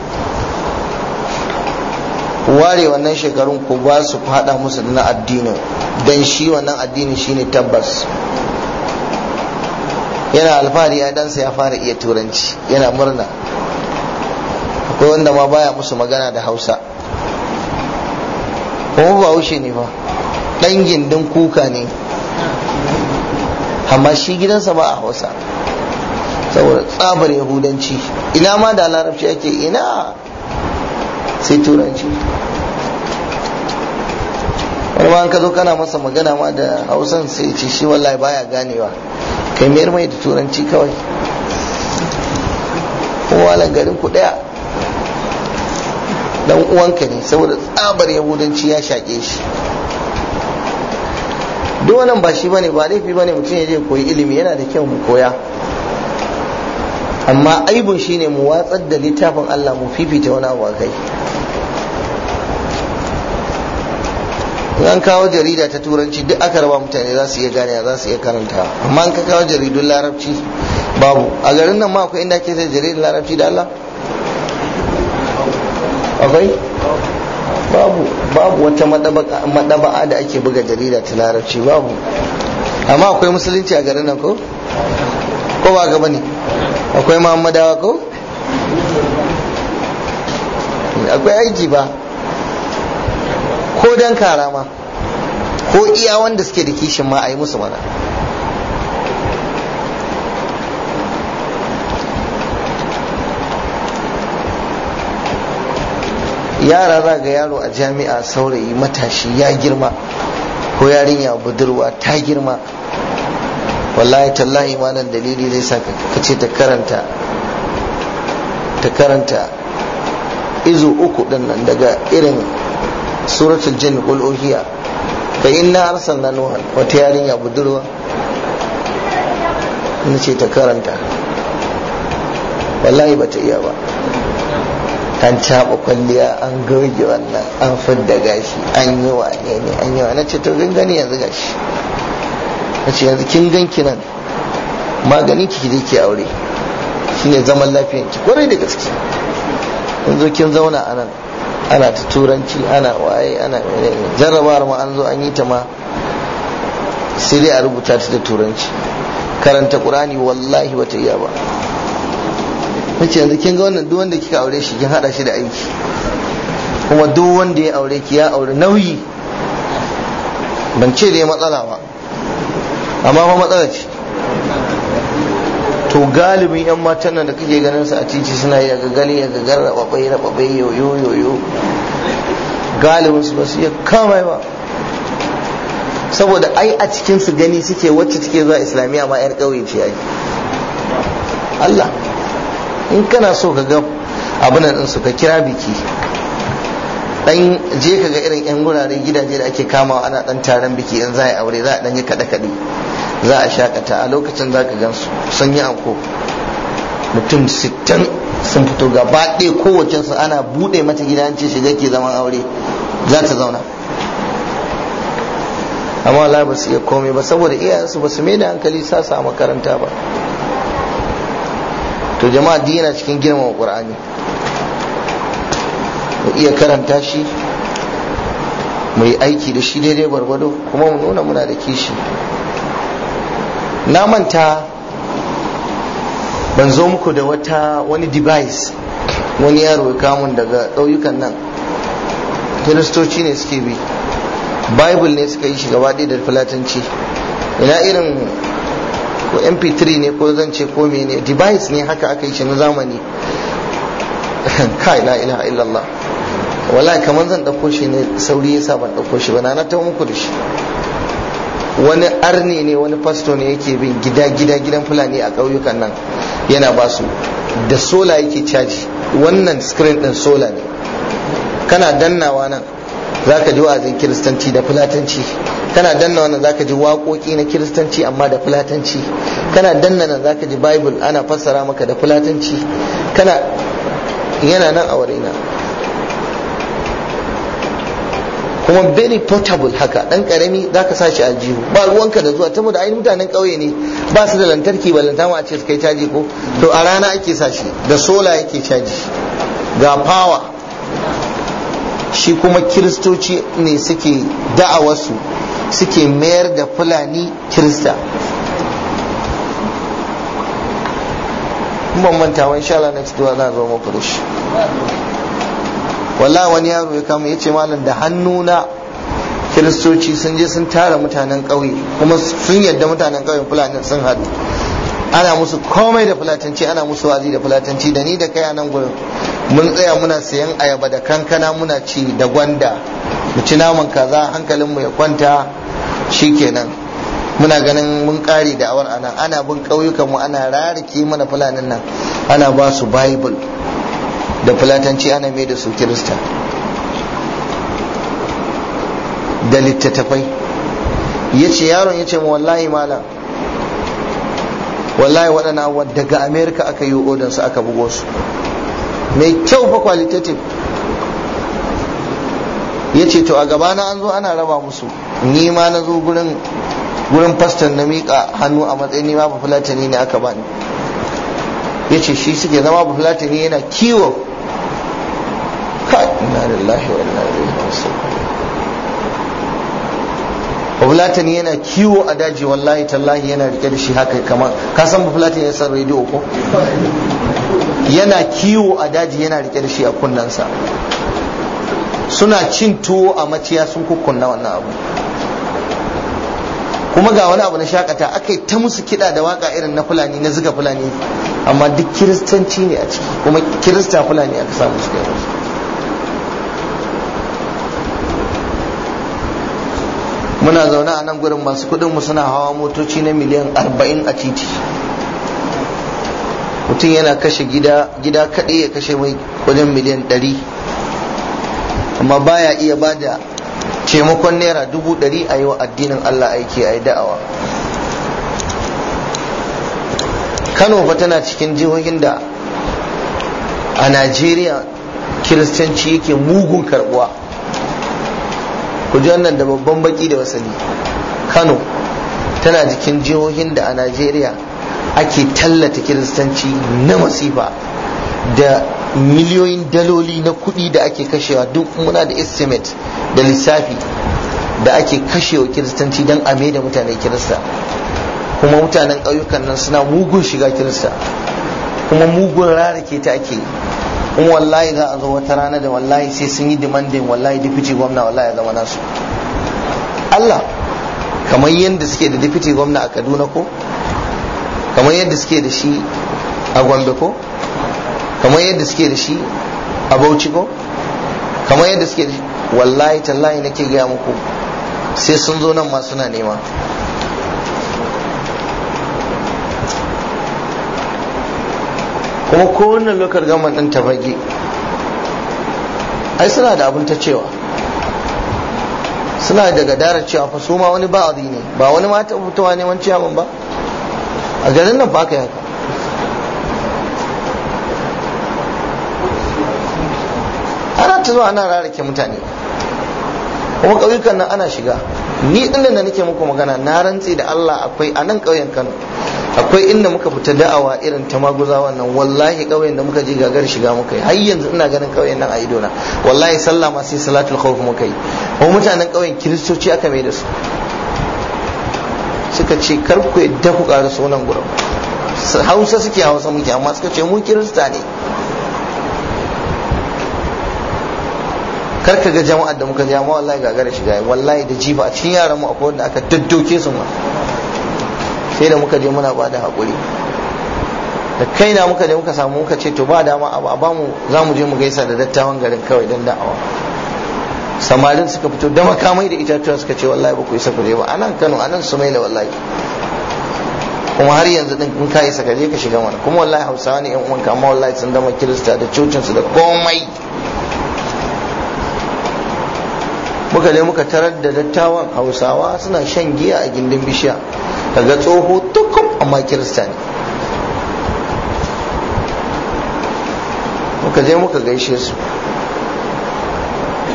ware wannan shekarun ku ba su fada musu na addinin don shi wannan addinin shine tabbas yana alfahari ya dansa ya fara iya turanci yana murna akwai wanda ma baya musu magana da hausa kuma ba haushe ne ba ɗan gindin kuka ne amma shi gidansa ba a hausa saboda tsabar yahudanci ina ma da larabci ake ina sai turanci wani ma ka zo kana masa magana ma da hausan sai ce shi wallahi baya ganewa kai mayar mai da turanci kawai kuma garin ku ɗaya. dan uwanka ne saboda tsabar yahudanci ya shaƙe shi duk wannan ba shi bane ba laifi bane mutum ya je koyi ilimi yana da kyau mu koya amma aibun shine mu watsar da littafin Allah mu fifita wani abu kai an kawo jarida ta turanci duk aka raba mutane za su iya gane za su iya karanta amma an ka kawo jaridun larabci babu a garin nan ma akwai inda ke sai jaridun larabci da Allah akwai babu babu wata madaba'a da ake buga jarida ta larabci babu amma akwai musulunci a garin nan ko ko ba gaba ne akwai muhammadawa ko akwai aiki ba ko dan karama ko iya wanda suke da kishin ma a yi musu mana yara za ga yaro a jami'a saurayi matashi ya girma ko yarinya budurwa ta girma wallahi tallahi imanin dalili zai sa ka ce ta karanta ta karanta izu uku dinnan daga irin suratul jin qul uhiya fa inna arsalna nuhan wata yarinya budurwa ce ta karanta wallahi bata iya ba an caɓa kwalliya an goge wannan an fidda gashi an yi wa ne ne an yi wa na ce to gani yanzu gashi na ce yanzu kin ki nan maganin ki je ki aure shine zaman lafiyan ki kwarai da gaske yanzu kin zauna a nan ana ta turanci ana waye ana ne jarrabawar ma an zo an yi ta ma sai dai a rubuta ta da turanci karanta qur'ani wallahi wata iya ba nace yanzu kin ga wannan duk wanda kika aure shi kin hada shi da aiki kuma duk wanda ya aure ki ya aure nauyi ban ce da ya matsala ba amma fa matsala ce to galibin yan matan nan da kake ganin su a titi suna yi ga gali ga garra babai na babai yoyo yoyo galibin su ba su iya kamai ba saboda ai a cikin su gani suke wacce take zuwa islamiyya ma yar kauye ce ai Allah in kana so ka ga abunan su ka kira biki dan je ka ga irin yan wuraren gidaje da ake kamawa ana ɗan taron biki in za a yi aure za a dan yi kaɗe-kaɗe za a shakata a lokacin za ka gansu sun yi anko mutum sittin sun fito gaba ɗaya kowace su ana buɗe mata gidan ce shiga ke zaman aure za ta zauna amma Allah ba su iya komai ba saboda iyayensu ba su mai da hankali sa su a makaranta ba to jama'a duk yana cikin girmama qur'ani mu iya karanta shi mu yi aiki da shi daidai gwargwado kuma mu nuna muna da kishi na manta ban zo muku da wata wani device wani yaro ya kamun daga ɗauyukan nan kiristoci ne suke bi bible ne suka yi shi gaba ɗaya da filatanci ina irin ko mp3 ne ko zance ko mene device ne haka aka yi shi na zamani *laughs* kai la ilaha illallah wallahi kamar zan dauko shi ne sauri yasa ban dauko shi ba na ta muku da shi wani arne ne wani fasto ne yake bin gida gida gidan fulani a ƙauyukan nan yana ba su da sola yake caji wannan screen din sola ne kana dannawa nan za ka ji wa'azin kiristanci da fulatanci kana danna wannan za ka ji waƙoƙi na kiristanci amma da fulatanci kana danna nan za ka ji bible ana fassara maka da fulatanci kana yana nan a warina kuma very portable haka dan karami za ka sa shi a jihu ba ruwanka da zuwa da ainihin mutanen ƙauye ne ba su da lantarki ba lantarki a ce su kai caji ko to a rana ake sa shi da sola yake caji ga power shi kuma kiristoci ne suke da'awarsu suke mayar da fulani kirista Kuma manta wa insha Allah next door na zo muku da shi wallahi wani yaro ya kama ya ce malam da hannuna kiristoci sun je sun tara mutanen ƙauye kuma sun yadda mutanen ƙauyen fulani sun haɗu ana musu komai da fulatanci ana musu wazi da fulatanci da ni da kai anan nan gurin mun tsaya muna sayan ayaba da kankana muna ci da gwanda mu ci naman kaza hankalin mu ya kwanta shikenan muna ganin mun kare da awar anan ana bin ƙauyukan mu ana rarike mana fulanin nan ana ba su bible da fulatanci ana mai da su kirista da littattafai yace yaron yace mu wallahi malam wallahi waɗana wadda daga america aka yi odin su aka bugo su mai kyau fa qualitative ya ce to a gabana an zo ana raba musu ni ma na zo gurin gurin faston na miƙa hannu a matsayin nima ba fulatani ne aka bani ya ce shi suke zama ba fulatani yana kiwo kai inna lillahi wa inna ilaihi raji'un bafulatani yana kiwo a daji wallahi tallahi yana rike da shi haka kamar ka san bafulatani ya san rediyo ko yana kiwo a daji yana rike da shi a sa, suna cin tuwo a maciya sun kukkunna wannan abu kuma ga wani abu na shakata aka yi ta musu kiɗa da waka irin na fulani na zuga fulani amma duk kiristanci ne a ciki kuma kirista fulani aka samu su muna zaune a nan gurin masu kudin mu suna hawa motoci na miliyan 40 a titi mutum yana kashe gida gida kaɗai ya kashe mai wajen miliyan 100 amma baya iya ba da taimakon naira dubu ɗari a yi wa addinin allah aiki a yi da'awa kano fa tana cikin jihohin da a najeriya kiristanci yake mugun karbuwa ku nan da babban baki da wasali kano tana jikin jihohin da a najeriya ake tallata kiristanci na masifa da miliyoyin daloli na kuɗi da ake kashewa duk muna da estimate da lissafi da ake kashewa kiristanci don a da mutane kirista kuma mutanen ƙauyukan nan suna mugun shiga kirista kuma mugun rarake ta ake kuma wallahi za a zo wata rana da wallahi sai sun yi demanding wallahi deputy gwamna wallahi ya zama nasu Allah kamar yadda suke da deputy gwamna a Kaduna ko kamar yadda suke da shi a Gombe ko kamar yadda suke da shi a Bauchi ko kamar yadda suke da shi wallahi tallahi nake gaya muku sai sun zo nan ma suna nema kuma ko wannan lokar gama ɗin ta fage ai suna da abin ta cewa suna da gadara cewa fa su ma wani ba'adi ne ba wani ma ta ne neman ciyaman ba a garin nan ba ka haka ana ta zuwa ana rarake mutane kuma ƙauyukan nan ana shiga ni ɗin da nake muku magana na rantse da Allah akwai a nan ƙauyen Kano akwai inda muka fita da'awa irin ta maguzawa nan wallahi kauyen da muka je gagar shiga muka yi har yanzu ina ganin kauyen nan a na wallahi sallah ma sai salatul khawf muka yi kuma mutanen kauyen kiristoci aka mai da su suka ce kar ku yadda ku ƙara sunan gurin hausa suke hausa muke amma suka ce mu kirista ne kar ka ga jama'ar da muka ji amma wallahi gagara shiga wallahi da jifa a cikin yaran mu akwai wanda aka daddoke su ma sai da muka je muna ba da haƙuri da kaina muka je muka samu muka ce to ba dama a ba mu za mu je mu gaisa da dattawan garin kawai don da'awa samarin suka fito da makamai da itatuwa suka ce wallahi ba ku isa ku je ba nan Kano a anan Sumaila wallahi kuma har yanzu din in isa ka je ka shiga mana kuma wallahi Hausawa ne yan uwanka amma wallahi sun zama Kirista da cocin su da komai muka je muka tarar da dattawan Hausawa suna shan giya a gindin bishiya kaga tsoho dukkan amma kirista ne muka je muka gaishe su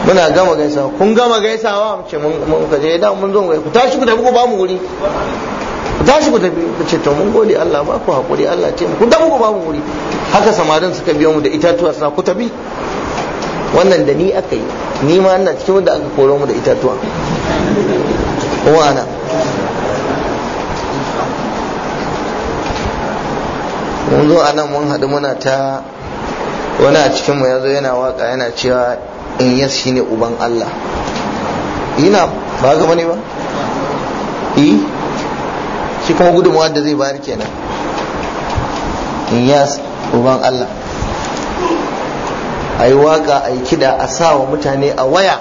muna gama gaisawa kun gama gaisawa mu ce mun je da mun zo ku tashi ku tafi ku ba mu wuri ku tashi ku tafi ku ce to mun gode Allah ba ku hakuri Allah ce ku tafi ku ba mu wuri haka samarin suka biyo mu da itatuwa suna ku tafi wannan da ni aka yi ni ma ina cikin wanda aka koro mu da itatuwa kuma ana mun zo a nan mun haɗu muna ta wani a cikinmu ya zo yana waka yana cewa in yas shi ne uban Allah ina ba gaba ne ba yi eh, shi kuma gudunmawa da zai bayar kenan in yas uban Allah a yi waka a yi kiɗa a sa wa mutane a waya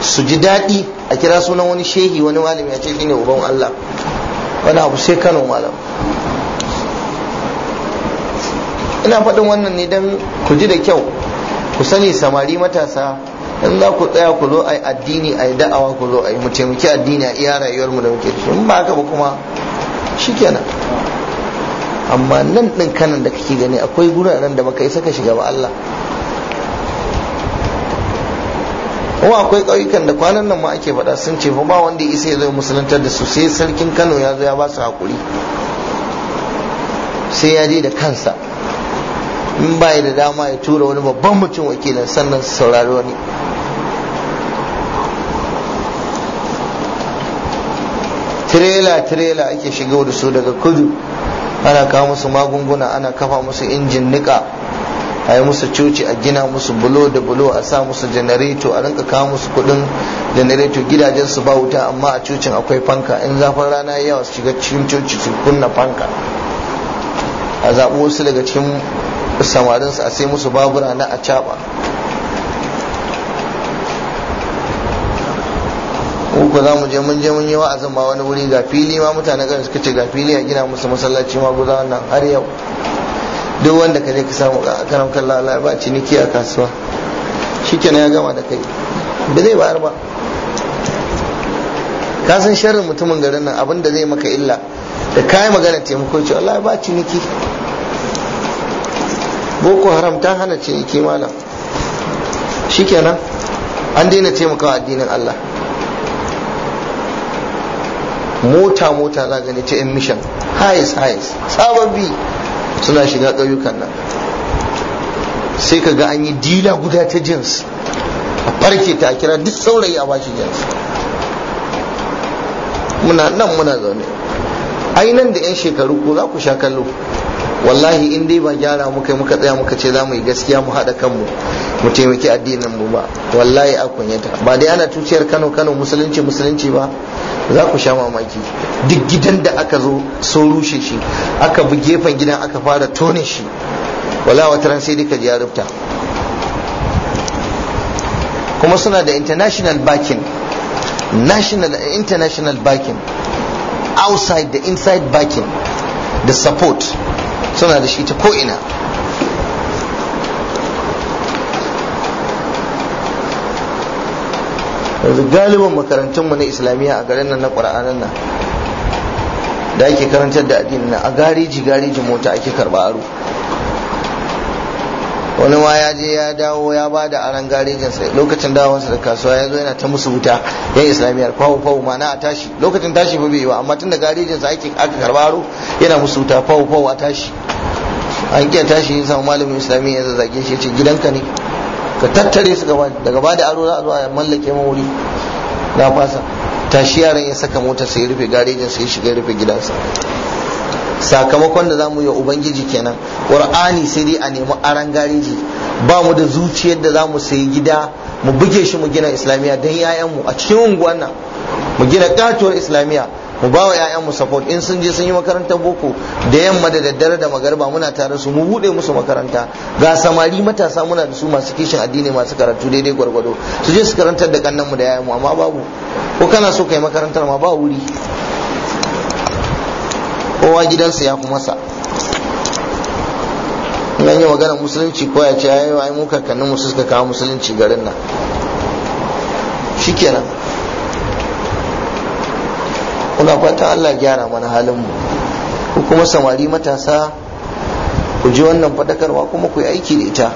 su ji daɗi a kira sunan wani shehi wani malami ya ce shi ne uban Allah wani abu sai kano malam ina faɗin wannan ne don ku ji da kyau ku sani samari matasa in za ku tsaya ku zo a addini a yi da'awa ku zo a yi mu taimaki addini a iya mu da muke da shi in ba haka ba kuma shikenan amma nan din kanan da kake gani akwai guraren da baka yi saka shiga ba Allah kuma akwai ƙauyukan da kwanan nan ma ake faɗa sun ce fa ba wanda isa ya zo musuluntar da su sai sarkin Kano ya zo ya ba su hakuri sai ya je da kansa in bai da dama ya tura wani babban mutum wakilin sannan su saurari wani tirela-tirela ake shiga da su daga kudu ana kawo musu magunguna ana kafa musu injin nika a yi musu coci a gina musu bulo da bulo a sa musu janareto a rinka kawo musu kudin janareto gidajen su ba wuta amma a cocin akwai fanka in zafin rana yawa su shiga cikin coci su kunna fanka a zaɓi wasu daga cikin samarinsa a sai musu babura na a caba uku za mu je mun je mun yi wa'azin ba wani wuri ga fili ma mutane kan suka ce ga fili a gina musu masallaci ma guza wannan har yau duk wanda ka je ka samu a karam kallon Allah ba ciniki a kasuwa Shi shikenan ya gama da kai ba zai bayar ba ka san sharrin mutumin garin nan abin da zai maka illa da kayan magana taimako ce Allah ba ciniki boko haram ta hana ciniki malam shikenan an daina taimakawa addinin Allah mota mota za gani ta yan mishan hais hais suna shiga ƙauyukan nan sai ka ga an yi dila guda ta jins a farke ta kira duk saurayi a bashi jins muna nan muna zaune ainihin da yan shekaru ko za ku sha kallo wallahi in dai ba gyara muka muka tsaya muka ce za mu yi gaskiya mu haɗa kanmu mu taimaki addinin mu ba wallahi a kunyata ba dai ana tuciyar kano kano musulunci musulunci ba za ku sha mamaki duk gidan da aka zo so rushe shi aka bi gefen gidan aka fara tone shi wala wata ran sai dika ya rubuta kuma suna da international backing national international backing outside the inside backing the support suna da shi ta ko'ina yanzu galibin makarantunmu na islamiyya a garin nan na ƙwararren nan da ake karantar da addinin na a gareji garejin mota ake karɓa aro wani ma ya je ya dawo ya ba da aran garejin sai lokacin dawowarsa da kasuwa ya zo yana ta musu wuta yan islamiyar fawo fawo ma na a tashi lokacin tashi fa bai ba amma tun da garejin sa ake aka karbaro yana musu wuta fawo fawo a tashi an kiya tashi yin samu malamin islamiyya ya zazzage shi ce gidanka ne ka tattare su gaba daga ba da aro za a zo a mallake mu wuri na fasa tashi yaran ya saka mota sai ya rufe garejin sai ya shiga ya rufe gidansa sakamakon da za mu yi ubangiji kenan qur'ani sai dai a nemi aran gareji ba mu da zuciyar da zamu sayi gida mu buge shi mu gina islamiya don yayanmu a cikin unguwan mu gina katuwar islamiyya mu ba wa yayanmu support in sun je sun yi makarantar boko da yamma da daddare da magarba muna tare su mu bude musu makaranta ga samari matasa muna da su masu kishin addini masu karatu daidai gwargwado su je su karantar da kannanmu da yayanmu amma babu ko kana so kai makarantar ma ba wuri kowa gidansa ya fi masa ina yi magana musulunci ko ya ce ya yi mu kakannin mu suka kawo musulunci garin nan shikenan kuna fatan Allah gyara mana halin mu ku kuma samari matasa ku ji wannan fadakarwa kuma ku yi aiki da ita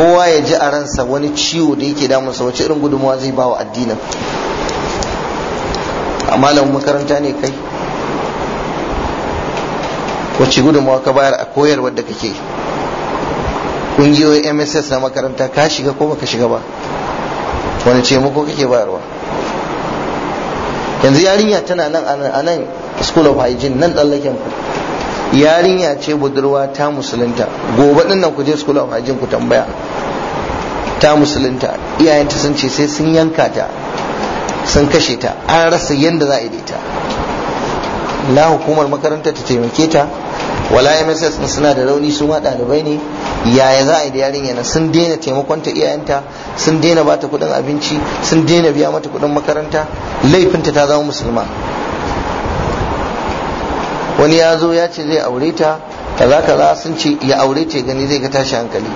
kowa ya ji a ransa wani ciwo da yake sa wace irin gudunmawa zai bawa addinin a malamin makaranta ne kai wacce gudunmawa ka bayar a koyarwar da kake ƙungiyoyin mss na makaranta ka shiga ko baka shiga ba wani ce muku kake bayarwa yanzu yarinya tana nan a nan school of hygiene nan tsallaken ku yarinya ce budurwa ta musulunta gobe din nan ku je school of hygiene ku tambaya ta musulunta iyayenta sun ce sai sun yanka ta sun kashe ta an rasa yadda za a yi ta na hukumar makaranta ta taimake ta wala mss din suna da rauni su ma ɗalibai ne yaya za a yi da yarinya na sun daina taimakon ta iyayenta sun daina bata kuɗin abinci sun daina biya mata kuɗin makaranta laifinta ta zama musulma wani ya zo ya ce zai aure ta kaza kaza sun ce ya aure ya gani zai ga tashi hankali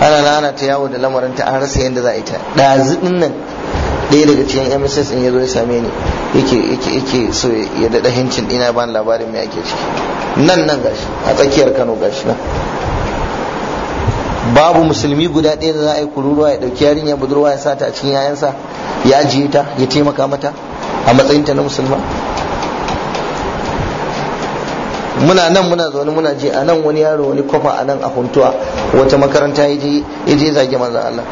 ana na ta yawo da lamarin ta an rasa yadda za a yi ta ɗazu nan ɗaya daga cikin mss in ya zo ya same ni yake yake yake so ya daɗa hincin ɗina ban labarin me ake ciki nan nan gashi a tsakiyar kano gashi nan babu musulmi guda ɗaya da za a yi kururuwa ya ɗauki yarinya budurwa ya sa ta a cikin yayansa ya ajiye ta ya taimaka mata a matsayinta na musulma muna nan muna zaune muna je a nan wani yaro wani kwafa a nan a huntuwa wata makaranta ya je zage manzan Allah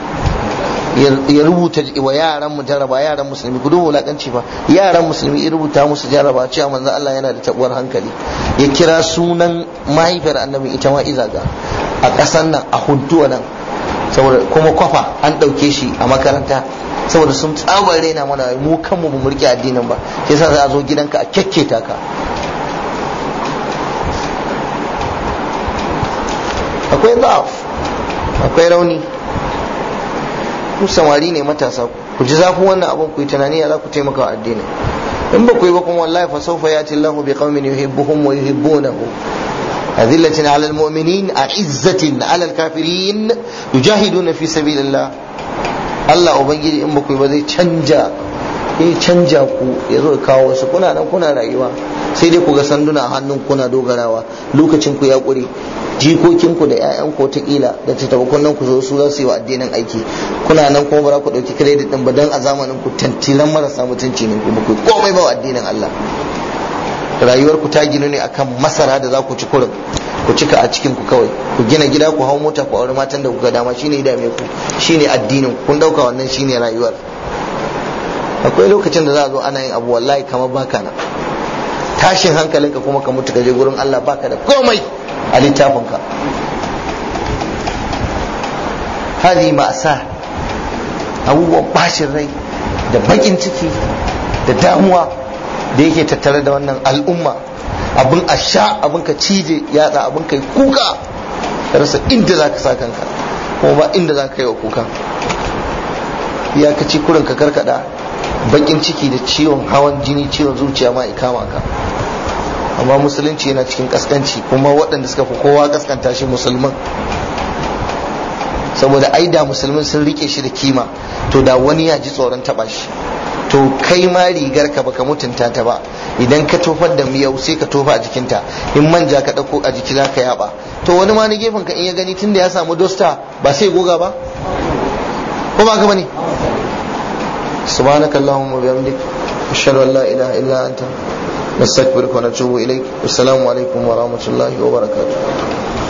ya rubuta wa yaran mu jaraba yaran musulmi gudu wulakanci ba yaran musulmi ya rubuta musu jaraba cewa manzo Allah yana da tabuwar hankali ya kira sunan mahaifiyar annabi ita ma izaga a ƙasan nan a huntuwa nan saboda kuma kwafa an ɗauke shi a makaranta saboda sun tsabar raina mana mu kanmu ba mu rike addinin ba sai sa za a zo gidanka a kyakketa ka akwai ba akwai rauni ku samari ne matasa ku ji zafin wannan abin ku yi tunani ya za ku taimaka wa addini in ba ku ba kuma wallahi fa sawfa yati Allahu bi qaumin yuhibbuhum wa yuhibbunahu azillatin A al mu'minin a'izzatin ala al kafirin yujahiduna fi sabilillah Allah ubangiji in ba ku ba zai canja ya canja ku ya zo kawo wasu kuna nan kuna rayuwa sai dai ku ga sanduna a hannun kuna dogarawa lokacin ku ya ƙure jikokin ku da ƴaƴan ku ta kila da tattabakon nan ku zo su za su yi wa addinin aiki kuna nan kuma ba ku ɗauki credit din ba dan a zamanin ku tantilan marasa mutunci ne ku ku komai ba wa addinin Allah rayuwar ku ta ginu ne akan masara da za ku ci kurin ku cika a cikin ku kawai ku gina gida ku hau mota ku aure matan da kuka dama shine dame ku shine addinin kun dauka wannan shine rayuwar akwai lokacin da za a zo ana yin abu wallahi kamar baka na tashin hankalinka kuma ka mutu ka je gurin Allah baka da komai a littafinka hadi ma'asa abubuwan bashin rai da bakin ciki da damuwa da yake tattare da wannan al'umma abin a sha abin ka cije yatsa abin kai kuka rasa inda za ka sa kanka kuma ba inda za ka yi wa kuka ya ka ci kurin ka karkada bakin ciki da ciwon hawan jini ciwon zuciya ma ikama ka amma musulunci yana cikin kaskanci kuma waɗanda suka fi kowa kaskanta shi musulman saboda ai da musulmin sun rike shi da kima to da wani ya ji tsoron taba shi to kai ma rigar ka baka mutunta ta ba idan ka tofar da miyau sai ka tofa a jikinta in manja ka dauko a jiki zaka yaba to wani ma na gefen ka in ya gani tunda ya samu dosta ba sai goga ba ko ba ka bane subhanakallahumma wa bihamdika ashhadu an la ilaha illa anta نستكبرك ونتوب إليك والسلام عليكم ورحمة الله وبركاته